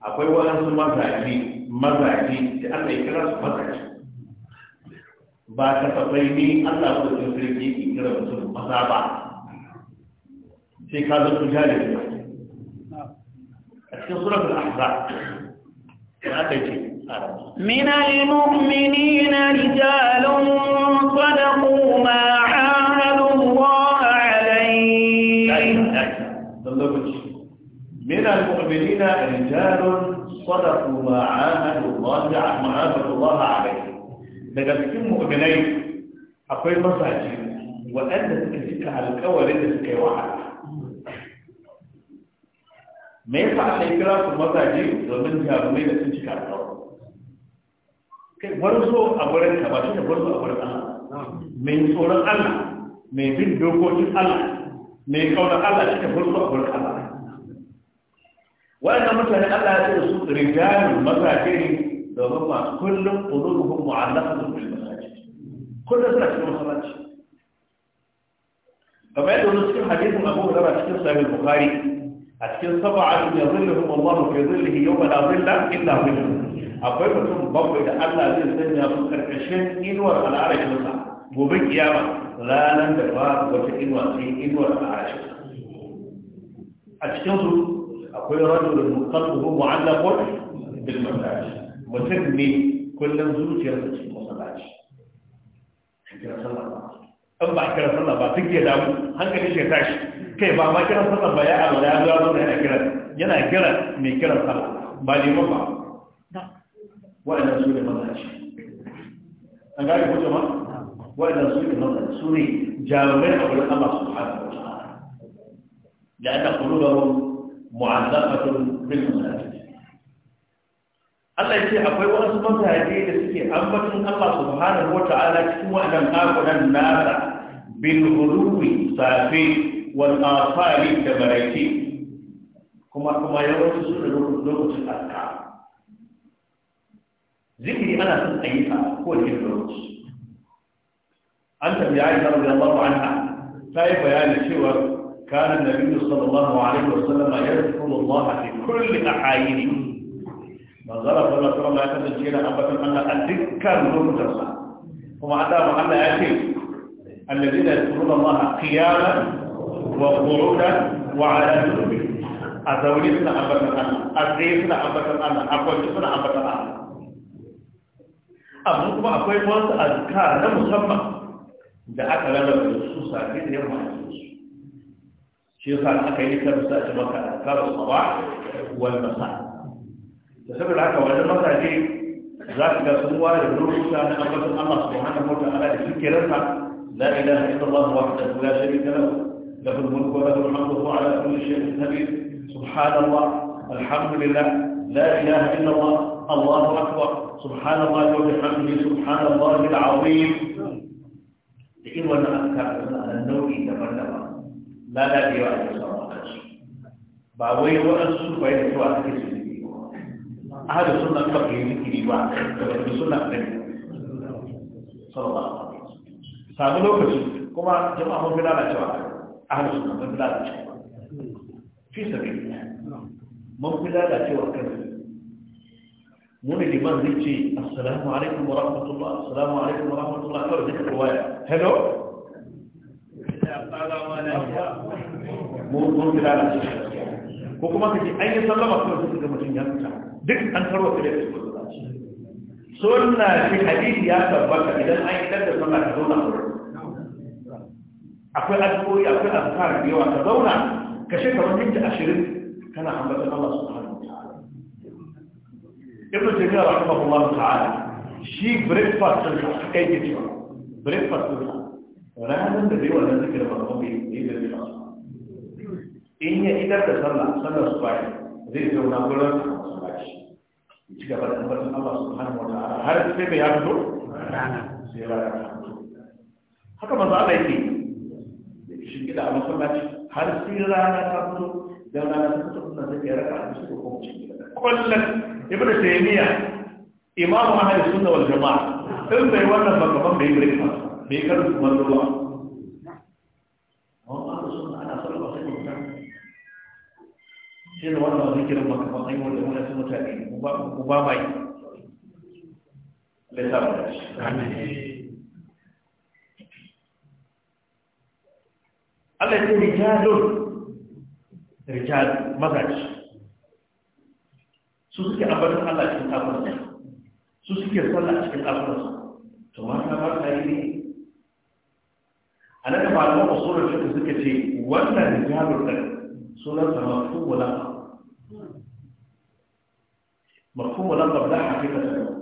akwai su mazaji mazaji da Allah ya kira su mazaji ba ta tafai ni Allah ko cikin sarki ki kira mutum maza ba sai ka zo ku jale ne a cikin suratul ahzab da aka ce من المؤمنين رجال صدقوا ما عاهدوا من المؤمنين رجال صدقوا ما عاهدوا الله ما عاهدوا الله عليه daga cikin mu'minai akwai masaji waɗanda suka cika alƙawarin da suka yi wa me yasa Allah ya kira su masaji domin jarumai da sun cika alƙawarin kai gwarzo a wurin ka ba shi da a wurin Allah mai tsoron Allah mai bin dokokin Allah mai kaunar Allah shi a wurin Allah wannan mutane Allah ya ce su rijalu mazaje ne domin ma kullum qulubuhum mu'allaqatun bil masajid kullum suna cikin masallaci kamar yadda wani cikin hadisin Abu Hurairah cikin Sahih Bukhari a cikin sab'atu yadhilluhum Allah fi dhillihi yawma la dhilla illa dhilluhu akwai mutum bakwai da Allah zai sanya su karkashin inuwar al'arashinsa gobe kiyama ranar da ba wata inuwa sai inuwar al'arashinsa a cikin su أقول رجل المقلب هو معلق بالمساج متنمي كل نزول في رسل المساج حكرا صلى الله عليه وسلم أبع كرا صلى الله عليه وسلم هنك ليش يتعش كيف ما كرا صلى الله عليه وسلم يا أبو الله عليه وسلم ينا كرا مي كرا صلى الله عليه وسلم بالي مبع وإن رسول المساج أقول لك جماعة وإن رسول المساج سوري جامعين أقول الله سبحانه وتعالى لأن قلوبهم mu'allaqatun bil munafiki Allah ya ce akwai wasu mutane da suke ambaton Allah subhanahu wa ta'ala cikin wannan kafiran nasa bil ghuluwi safi wal asali da baraki kuma kuma yawanci su da lokacin azka zikiri ana son ayyuka ko da lokaci an tabi Aisha radiyallahu anha ta yi bayanin cewa كان النبي صلى الله عليه وسلم يذكر الله في كل أحاينه ما ظرف الله صلى الله عليه وسلم جينا أبدا أن أذكر نمتسا وما أدام أن أتي الذين يذكرون الله قياما وقعودا وعلى جنوبهم أزوليتنا أبدا أن أزيتنا أبدا أن أقويتنا أبدا أن amma kuma akwai wasu azkar na musamman da aka lalata su safi da yamma a cikin su شيخ حكي لي كم ساعه ما كان كان الصباح والمساء تسبب لك وجه المساء دي ذاك ده سموا الروح كان قبل الله سبحانه وتعالى فكرنا لا اله الا الله وحده لا شريك له له الملك وله الحمد وهو على كل شيء قدير سبحان الله الحمد لله لا اله الا الله الله اكبر سبحان الله وبحمده سبحان الله العظيم لكن وانا اذكر ان lalacewa a cikin sauransu ba wai waɗansu su bai da zuwa suke su zikiri ba a hada suna kafa yi zikiri ba da wani suna ɗari sallallahu alaihi lokaci kuma jama'a mun fi lalacewa a hada suna mun fi lalacewa fi sabi mun fi lalacewa kan mun liman zai ce assalamu alaikum wa rahmatullah assalamu alaikum wa rahmatullah kawai zai ka kowaya hello Yeah, I don't want to mun fi lalace ko kuma ka ce an yi sallama kawai sai ga mutum ya duk an tarwa kare da su sunna shi hadisi ya tabbata idan an yi da sallah ka zauna akwai addu'o'i akwai azkar da yawa ka zauna ka shekaru minti ashirin kana ambata Allah subhanahu wa ta'ala ibnu taymiya rahimahullah ta'ala shi breakfast din ka kai ke cewa breakfast din ranar da bai wannan zikirin ba ko bai yi da ba in ya idar da sallah sallar su bai zai zo na gurin a masallaci ya ci gaba da ambatan Allah subhanahu wa ta'ala har sai da ya rana sai ya rana haka manzo Allah yake shi gida a masallaci har sai rana ta fito dan rana ta fito kuma sai ya raka a cikin hukunci kullum ibn taymiya imamu ahli sunna wal jamaa in bai wannan bakaban bai breakfast bai karu kuma ruwa irin wannan zikirin ba kamar an yi wanda wani sun mutane ku ba mai lissafin da shi Allah ya ce rijalun rijal mazaji su suke abarin Allah cikin kafinsa su suke sallah cikin kafinsa to mata ba ta yi ne a nan da malaman usulun suka ce wannan rijalun ɗin sunan sama ko wala mafhumul laqab la haqiqata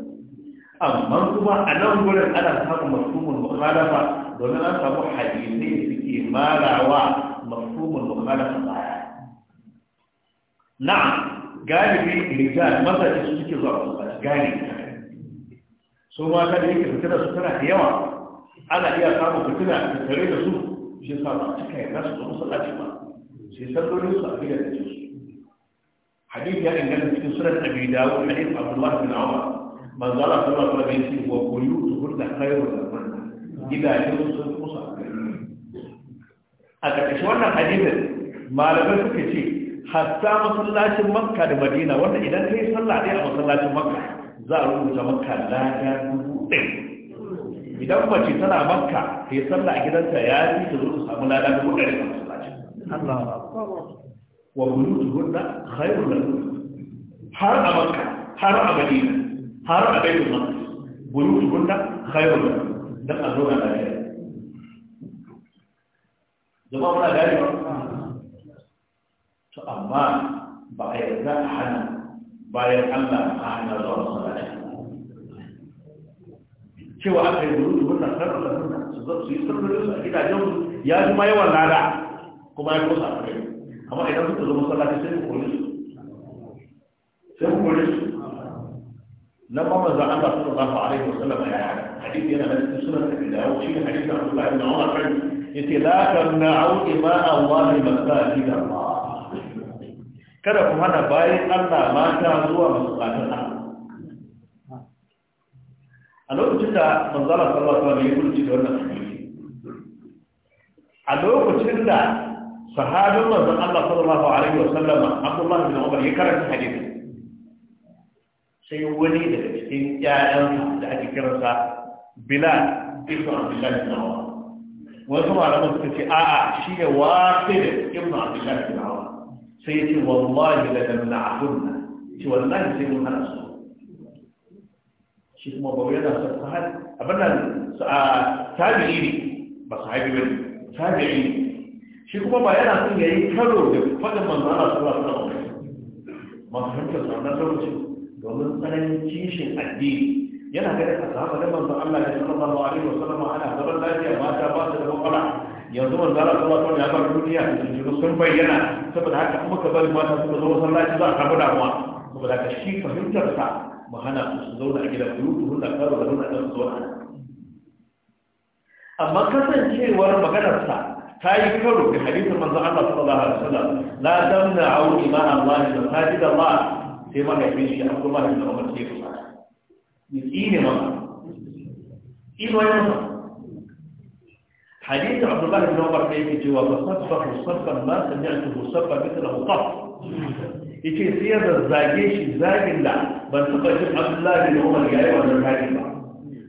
amma kuma a nan gurin ana samun mafhumul mukhalafa domin an samu hadisai suke marawa mafhumul mukhalafa baya na'am galibi rijal mazaje su suke zuwa masallaci galibi su mata da yake fitina su tana da yawa ana iya samun fitina da tare da su shi sa ba cika yarda su zuwa masallaci ba sai sallolin su a gidan da su hadith ya inganta cikin sunan abi dawud na ibn abdullah bin umar manzo Allah sallallahu alaihi wasallam yace wa qulu hunna khairul amanna gidajen sun kusa a ƙarƙashin wannan hadisin malamai suka ce hatta masallacin makka da madina wanda idan ka yi sallah ɗaya a masallacin makka za a rubuta makka lada dubu ɗaya idan mace tana makka ta yi sallah a gidanta ya fi ta zo ta samu ɗari masallacin wa bulutu hunna khairun lakum har a har a har a ma, maqdis bulutu hunna khairun lakum dan a zo na lafiya jama'a muna gari ba to amma ba a za a hana bayan Allah a hana zuwa masallaci cewa aka yi bulutu hunna khairun lakum su zo su yi sirrin su a gidajen ya ji ma yawan lada kuma ya kusa a kai amma idan suka zo masallaci sai ku kore su sai ku kore su na ba manzon Allah sallallahu alaihi wasallam ya yi hadisi yana da cikin sunan da dawo shi hadisi Abdullah ibn Umar kan yace la tamna'u ima'a Allah masajid Allah kada ku hana bayan Allah mata zuwa masallacin Allah a lokacin da manzala sallallahu alaihi wasallam ya kulci da wannan hadisi a lokacin da sahabin manzon Allah sallallahu alaihi wa sallama Abdullah bin Umar ya karanta hadisi sai wani daga cikin ƴaƴan da ake kiransa Bilal ibn Abdullah bin Umar wasu malaman suka ce a'a shi ne wasil ibn Abdullah bin Umar sai ya ce wallahi la tamna'hunna shi wallahi sai mun hana su shi kuma ba yana sa sahabi abin nan tabi'i ne ba sahabi ba ne tabi'i ne shi kuma ba yana son ya yi karo da fadin manzara su wasu su da masu da ta wuce, domin tsananin kishin addini yana gani a sahaba da manzan Allah ya sallallahu alaihi wa sallama ana zaman lafiya mata ba su da kwakwala yanzu manzan Allah sallallahu alaihi ya bar duniya da jiru sun bayyana saboda haka kuma ka bari mata suka zo masallaci za a samu damuwa saboda ka shi fahimtar sa mu hana su da a gidan buyutu hunna karo da hunna da su zauna amma kasancewar maganarsa ta yi karo da hadisin manzo Allah sallallahu alaihi wasallam la tamna au ima Allah masajid Allah sai mahaifin shi Abdullah ibn Umar ce ku ni ma ino ya ma hadisin Abdullah ibn Umar ne yake cewa fa sabba sabba ma sami'tu sabba mithlahu qat yace sai ya zage shi zagin da ban taba jin Abdullah ibn Umar ya yayi wannan hadisi ba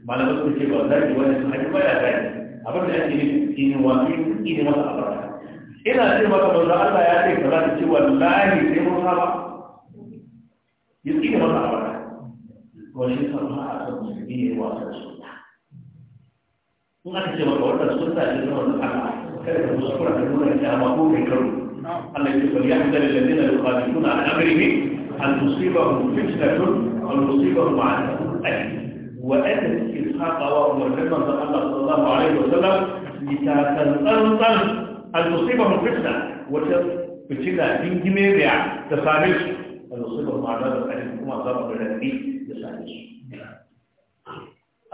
malamin ku ce ba zagi wani hadisi ba ya zagi abin da ake nufi in wasu in masa albarka ina ce maka manzo Allah ya ce kaza ta ce wallahi sai mun saba yake masa albarka to shi sa ba a san musulmi ne wa san sunna in aka ce maka wannan sunna ne na wannan Allah kada ka kuskura ka nuna ta ma ko kai karo Allah ya ce wal yahdar alladhina yuqatiluna an amrihi an tusibahum fitnatun aw yusibahum 'adabun alim وأدت إسحاق وهو الحمد صلى الله عليه وسلم لتتنطن أن تصيبه الفتنة وتشكى من جميع تسامش أن تصيبه مع ذلك أن يكون عذاب الرحيم تسامش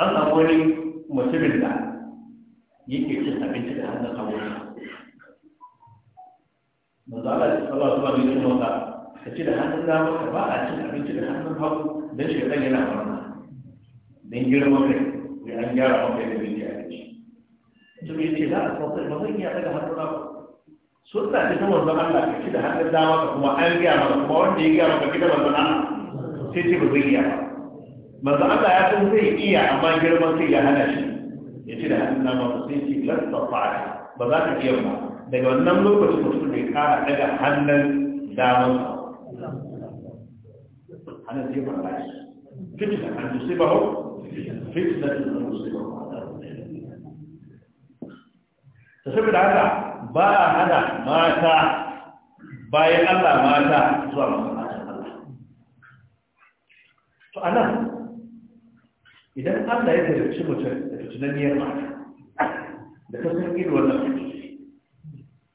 الله أولي مسيب الله يكي تسحى من تلك هذا قبول مزالة الله صلى الله عليه وسلم تشكى هذا الله وكفاءة تسحى من تلك هذا قبول لن شيء يلعب don girma kai sai an gyara maka da zai a ciki to me ce za a sauka ba zan iya daga hannu na sunna ce ta manzon Allah ka ci da hannun dama kuma an gaya kuma wanda ya gaya maka gida manzon Allah sai ce ba zai iya ba manzon Allah ya san zai iya amma girman kai ya hana shi ya ci da hannun dama ka sai fara ba za ka iya ba daga wannan lokacin mutum bai kara daga hannun daman hannun sai ba ba shi duk da hannun sai ba hau fitnatin da musulman ta saboda haka ba a hana mata bayan Allah mata zuwa masallacin Allah to anan idan Allah ya zarci mutum da da ta san irin wannan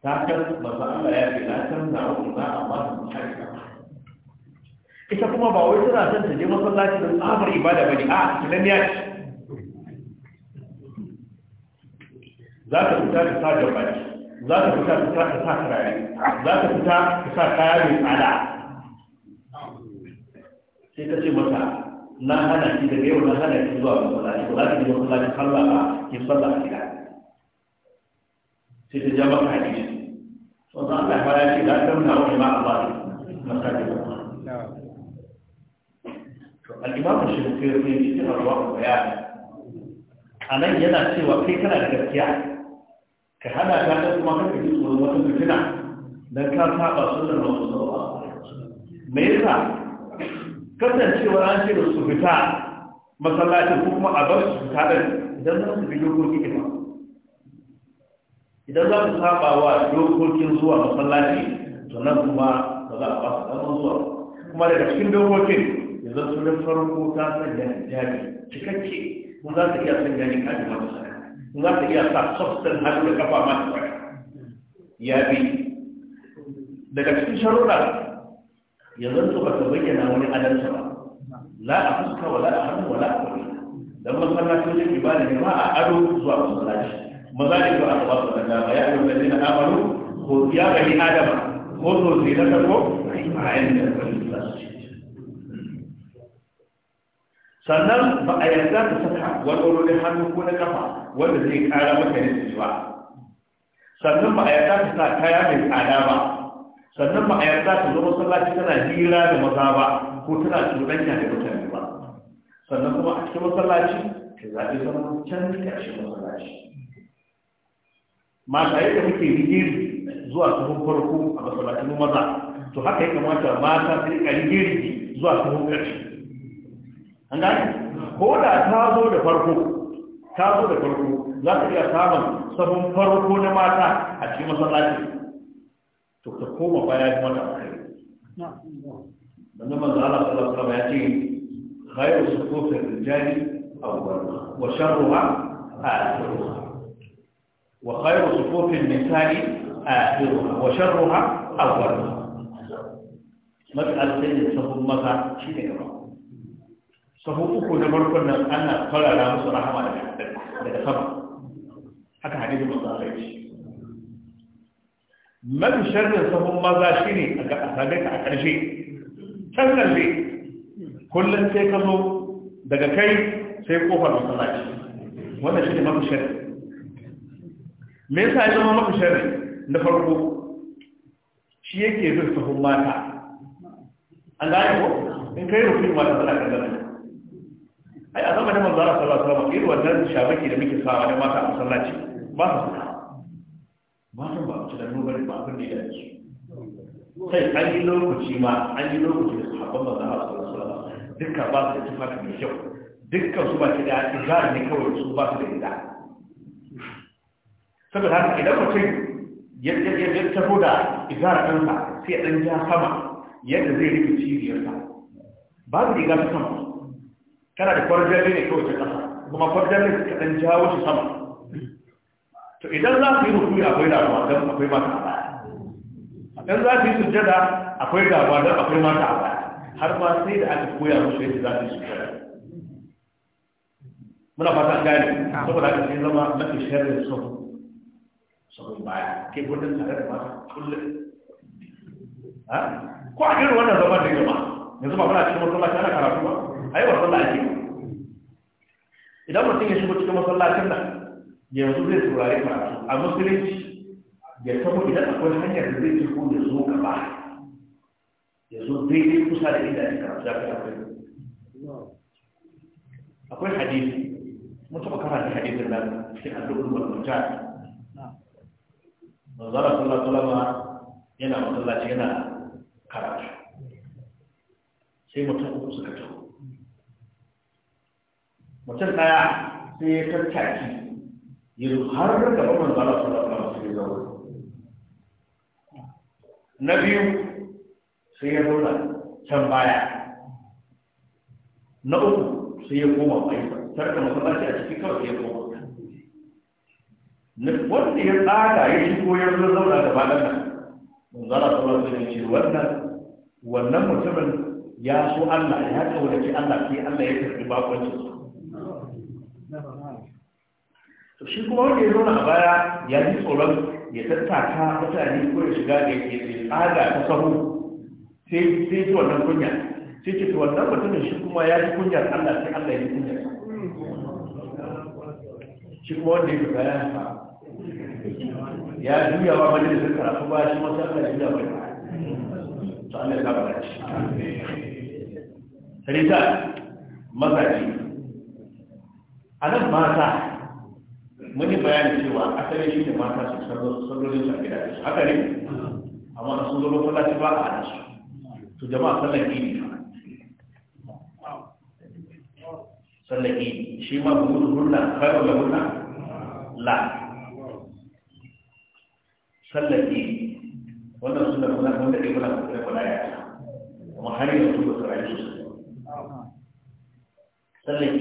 ta kan masu Allah ya fi na can na hukun za a ba su ita kuma ba wai suna son ta je masallaci don tsamar ibada ba ne a tunaniya ce ذات فتاة فتاة جبج ذات فتاة فتاة فتاة خيالي ذات فتاة فتاة خيالي على سيدة سيمتا نحن نحن نحن نحن نحن نحن نحن نحن نحن نحن نحن نحن نحن نحن نحن نحن سيدة جمع حديث سيدة الله فلا يجب أن تمنع إمام الله مساجد الله الإمام الشيخ في الوقت بيان أنا ينسي وكي كان الكبتيان ka hada ta da kuma kanka ji tsoron wata fitina don ka saba sunnar Muhammad sallallahu alaihi wasallam me yasa kasancewar an ce da su fita masallacin ko kuma a bar su fita din idan za su bi dokoki ne idan za su saba wa dokokin zuwa masallaci to nan kuma ba za a ba su damar zuwa kuma daga cikin dokokin yanzu su da farko ta sanya jami cikakke kuma za su iya sanya hijabi a cikin masallaci za ta iya sa softan hannu da kafa masu kwaya ya bi daga cikin sharuɗa ya zanto ba ta bayyana wani adalci ba la a fuska wala a hannu wala a kwari dan masallacin ibada ne ba a ado zuwa masallaci maza ne ba a ba su da ba ya yi wani na amalu ko ya bani adama ko to zai na karko a yin da kwari sannan ba a yarda ta saka wani hannu ko na kafa wanda zai kara maka su ba sannan ba a yarda ta sa kaya mai tsada ba sannan ba a yarda ta zama masallaci tana hira da maza ba ko tana cuɗanya da mutane ba sannan kuma a cikin masallaci ka zaɓi zama can cikin masallaci mata yadda muke rigiri zuwa sahun farko a masallacin maza to haka ya kamata mata su riƙa rigiri zuwa sahun ƙarshe an gani ko da ta zo da farko Taso da farko za ta iya samun sabon farko na mata a cikin masallaci to ta koma baya ya ta akai dan manzo Allah sallallahu alaihi wasallam ya ce khairu sufufir rijali awwaluha wa sharruha akhiruha wa khairu sufufin nisa'i akhiruha wa sharruha awwaluha mas'alatin sabon maza shine gaba sahu uku na farkon nan ana farara musu rahama daga sama haka hadisin manzo Allah ya ce mafi sharrin sahun maza shi ne a same ka a ƙarshe can lalle kullum sai ka zo daga kai sai kofar masallaci wannan shi ne mafi sharri me yasa ya zama mafi sharri na farko shi yake bin sahun mata an gane ko in kai rufin mata zala kan zala ai a zamanin manzo Allah sallallahu alaihi wasallam irin wannan shabaki da muke sawa da mata a masallaci ba su suna ba su ba su da nubari ba abin da ya dace sai an yi lokaci ma an yi lokaci da sahabban manzo Allah sallallahu alaihi wasallam duka ba su da tufafi mai kyau dukkan su ba su da izar ne kawai su ba su da izar saboda haka idan mutum ya taho da izar ɗansa sai ɗan ja sama yadda zai rikici cibiyarsa babu riga ta sama kana da kwarjalle ne kawai ta kasa kuma ne ka dan jawo shi sama to idan za su yi rukuni akwai damuwa don akwai mata a baya idan za su yi sujjada akwai damuwa don akwai mata a baya har ma sai da aka koya musu yadda za su yi sujjada muna fata gane saboda aka sai zama mafi sharrin sau sauran baya ke gudun tare da mata kullum ko a irin wannan zama da gaba yanzu ba muna cikin wata mace ana karatu ba ai ba sallah ake idan mutum ya shigo cikin masallacin nan yanzu zai turare karatu a musulunci ya tabo idan akwai hanyar da zai ciko ya zo gaba ya zo daidai kusa da inda ake karatu ya fi akwai akwai hadisi mun taɓa karanta hadisin nan cikin addu'ul mutunta manzara sallallahu alaihi wasallam yana masallaci yana karatu sai mutum uku suka taho mutum ɗaya sai ya tattaki yanzu har da gaban manzo Allah sallallahu alaihi wasallam na biyu sai ya zauna can baya na uku sai ya koma mai tarka masallaci a ciki kawai sai ya koma wanda ya tsada ya shigo ya zauna da baɗan nan manzo Allah sallallahu alaihi ce wannan wannan mutumin ya so Allah ya ke Allah sai Allah ya karbi bakoncin su to shi kuma wanda ya zo a baya ya ji tsoron ya tattaka mutane ko ya shiga da ya tsaga ta sahu sai sai ji wannan kunya sai ce to wannan mutumin shi kuma ya ji kunyar Allah sai Allah ya ji kunyar shi kuma wanda ya shiga ya fa ya juya ba majalisar karatu ba shi masu sai Allah ya juya ba ta Allah ya da shi rita mazaji a nan mata muni bayani cewa asali shi ne mata su sallolin su a gidaje su haka ne amma sun zo masallaci ba a hana su to jama'a sallaki ne. Sallaki idi shi ma bu mutu hulna kaiwa da hulna la sallaki idi wannan suna kuma wanda ke muna kuma kuma ya kuma har yanzu ba su rayu sosai sallar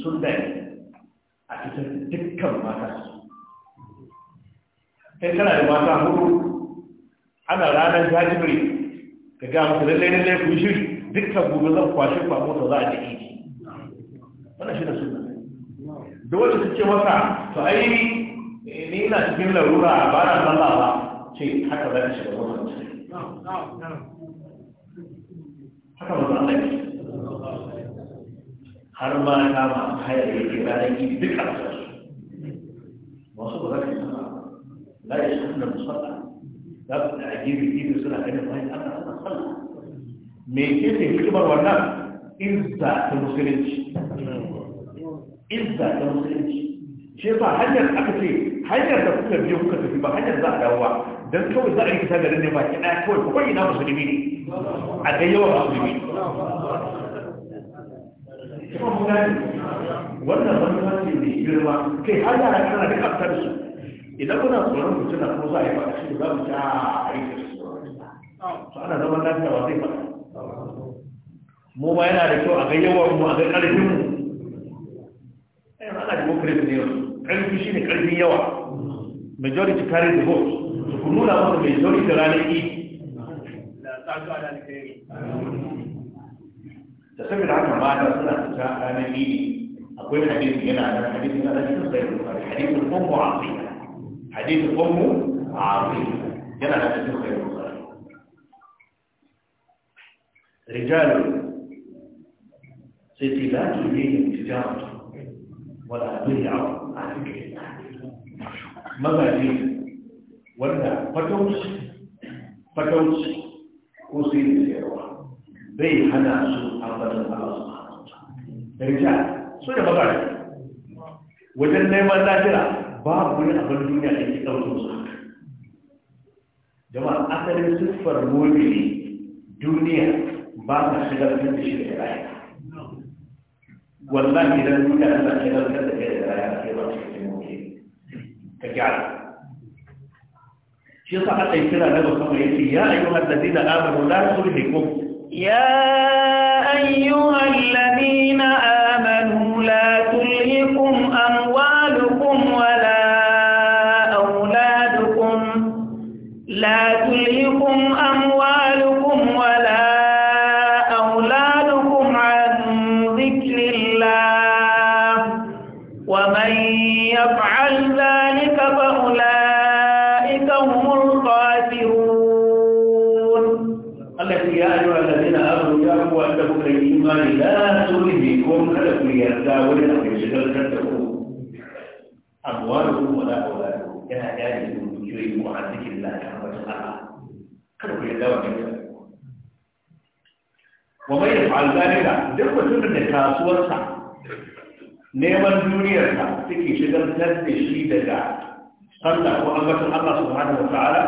sun dai a cikin dukkan mata su kai kana da mata hudu ana ranar jajibiri ka ga musu lallai na laifin shiri dukkan gobe zan kwashe kwa mota za a ji iji wannan shi da su suna da wacce ta ce masa to ainihi ne ina cikin larura ba na sallah ba ce haka za ka shiga wannan haka ba za a laifin har ma ta ma haya da yake ranar yake duka a kasar wasu ba za ka yi sana la ya shi da musalla za ku da gidi gidi suna ganin bayan ana sana sallah me ke ce hikimar wannan izza ta musulunci izza ta musulunci shi ba hanyar aka ce hanyar da kuka biyo kuka tafi ba hanyar za a dawo ba don kawai za a yi kisa garin ne ba ki ɗaya kawai kawai ina musulmi ne a ga yawan musulmi kuma mun gani wannan manufa ce girma kai har yara kana da kaftar su idan kuna tsoron ku tuna ko za a yi ba shi za mu ah, ta aiki su to ana zaman lafiya ba zai faɗa mu ma yana da kyau a ga yawan mu a ga ƙarfin mu ana democracy ne ƙarfi shi ne ƙarfin yawa majority carry the vote su ku nuna masa majority ranar idi da saboda haka mata suna fita ranar yini akwai hadisi yana nan hadisi na rashin sai bukari hadisi ummu asiya hadisi ummu asiya yana nan cikin sai bukari رجال سيتي لا تريد التجارة ولا تضيع عن ذكر الله مغازي ولا فتوش فتوش وسيل سيروها حنا 被他那属阿拉的阿拉斯玛。等一下，说什么来？我这内蒙那去了，把我的阿拉斯玛给搞住了。جماعة يعني أثر السفر مولي دنيا ما مشغل في الشيء الآخر والله إذا كنت أنا مشغل في الشيء الآخر في الشيء الممكن كجعل شيطة حتى يصير أنا بصمه يا أيها الذين آمنوا لا تلهكم يا أيها الذين آمنوا لا fa'al zalika duk mutumin da kasuwarsa neman duniyarsa take shigantar da shi daga sallah ko ambaton Allah subhanahu wa ta'ala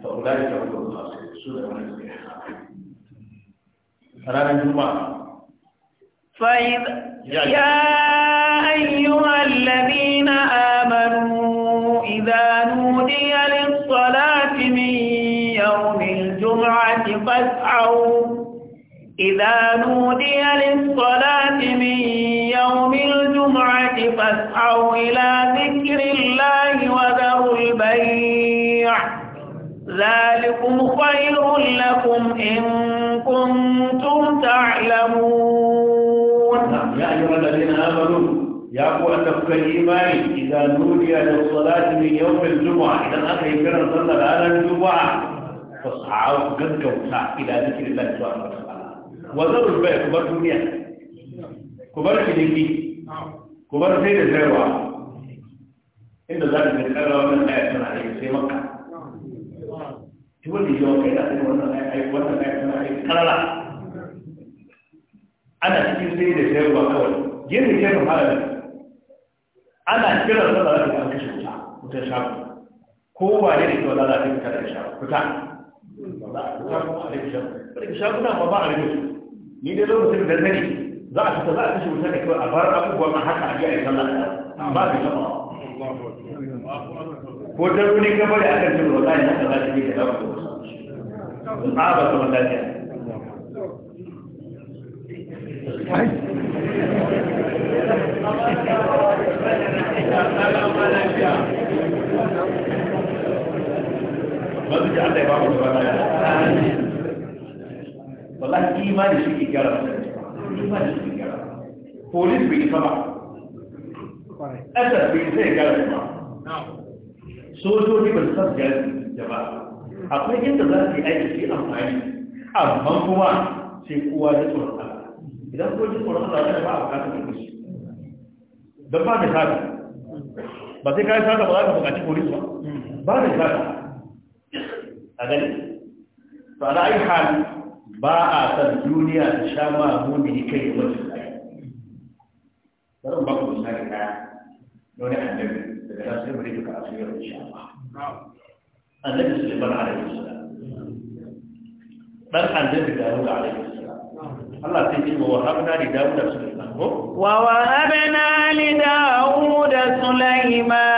fa ulai ta wani kasuwa su da wani suke ranar juma'a فإذ يا أيها الذين آمنوا إذا نودي إذا نودي للصلاة من يوم الجمعة فاسعوا إلى ذكر الله وذروا البيع ذلكم خير لكم إن كنتم تعلمون نعم، يا أيها الذين آمنوا يا أبو أن تفكر إيماني إذا نودي للصلاة من يوم الجمعة إذا أخي كرا صلى على الجمعة فاسعوا قد كوتا نعم، إلى ذكر الله سبحانه وتعالى wa zarul bai ku bar duniya ku bar ciniki ku bar sai da sayarwa inda za ka karkara wannan ayat tana aiki sai maka duk wanda yi kai da wannan ayat wannan ayat tana aiki karara ana cikin sai da sayarwa kawai yin da ke fara ne. ana kiran sallah da an kashe wuta wutar Ko ba ne da ke wala da ta fita da shafi fita ba a rike shafi ba a rike shafi ba a rike ni dai lokacin da nake za a fita za a kashe wuta da kyau a bar abubuwa ma haka a jiya sallah ba da shaba ko ta runi ka bari akan cin roƙa ne haka za ta yi da za ku ba ba ta lafiya Mazu ji Allah ya ba mu da wallahi imani shi ke gyara imani shi ke gyara polis bai isa ba ƙasar bai isa ya gyara ba sojoji ba su san gyara da ba akwai inda za su yi aiki su amfani amma kuma sai kowa ya tsoron idan kowa ya tsoron Allah ya ba a bukatar da kusa don ba da sata ba sai kayan sata ba za ka bukaci polis ba hmm. ba da sata a gani to ala ai hali ba a san duniya ta sha ma mumini kai da wajen layi bari ba ku misali na wani annabi daga nan sai bari duka asirin da sha ma annabi suleiman alaihi salam dan annabi dawud alaihi salam Allah sai ce wa habna li dawud suleiman ko wa wahabna li dawud suleiman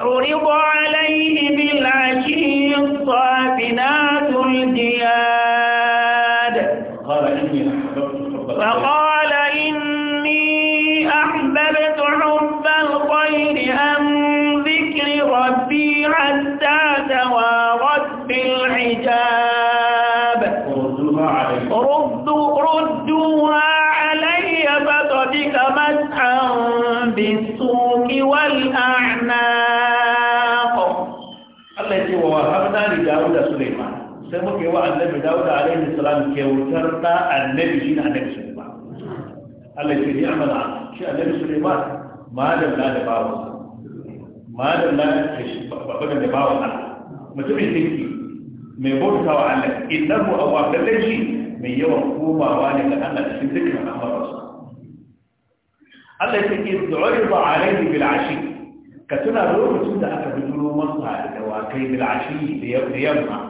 عرض عليه بالعشي الصافنات الجياد قال إني أحببت حب sai wa annabi dawud alaihi salam kyautar da annabi shi na annabi sulaiman Allah ya ce amana shi annabi sulaiman malam la da bawo malam la da shi babban da bawo mai bauta wa Allah innahu awwab da shi mai yawan komawa ne ga Allah cikin dukkan al'amuransa Allah ya ce in tu'rida alaihi bil ashi ka tuna lokacin da aka bijiro masa da wakai bil ashi da yamma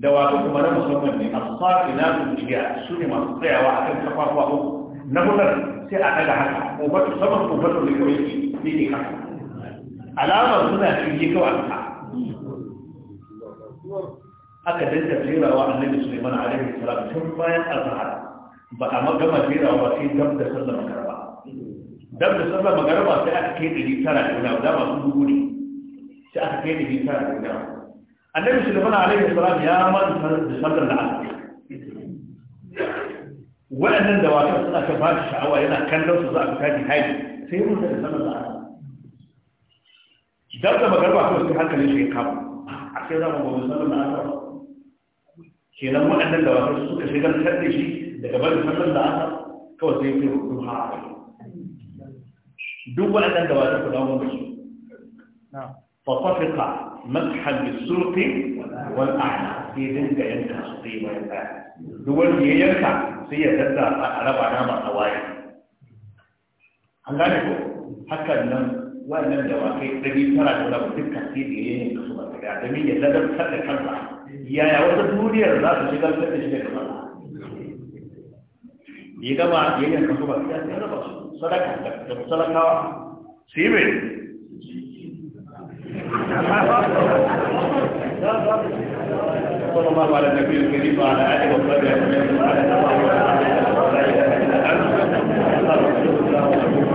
da wato kuma na musamman ne a asfafi na zuciya su ne masu tsayawa a kan kafafuwa uku na hudar sai a daga haka kofatu saman kofatu ne kawai ke ne haka alamar suna shirye kawai ta aka danta jerawa annabi suleiman alaihi salam tun bayan azhar ba a magama jerawa sai dab da sallar magarba dab da sallar magarba sai aka kai ɗari tara da guda da masu dubu ne sai aka kai ɗari tara da guda النبي صلى الله عليه وسلم يا من بصدر العقل وأن دواتر صدق فهد الشعوى ينا كان لو صدق فهد هاي سيقول لك بصدر العقل دوله مقربة في استحال كان يشعي كاب عكسي ذا مقربة بصدر العقل كي لما أن دواتر صدق شيء كان سرد شيء لكبال بصدر العقل كو سيقول لك بصدر العقل دوله أن دواتر صدق فهد الشعوى نعم فطفق مدحا بالسرق والأعلى في ذنك أنت سقي ويبقى دول يجرسع سيئة تبدا أعلم عنام الطوائع هل عارفه حكا لنم وأنم دواكي تبي ترى جولا وتبكى سيدي يجرسع سيئة تبي يجرسع سيئة تبدا يا يا وسط مولي الرضا تشكل سيئة تبدا يجرسع يجرسع يجرسع سيئة تبدا صدقة تبدا صدقة سيئة صلى الله على النبي الكريم وعلى اله وصحبه اجمعين وعلى اله وصحبه اجمعين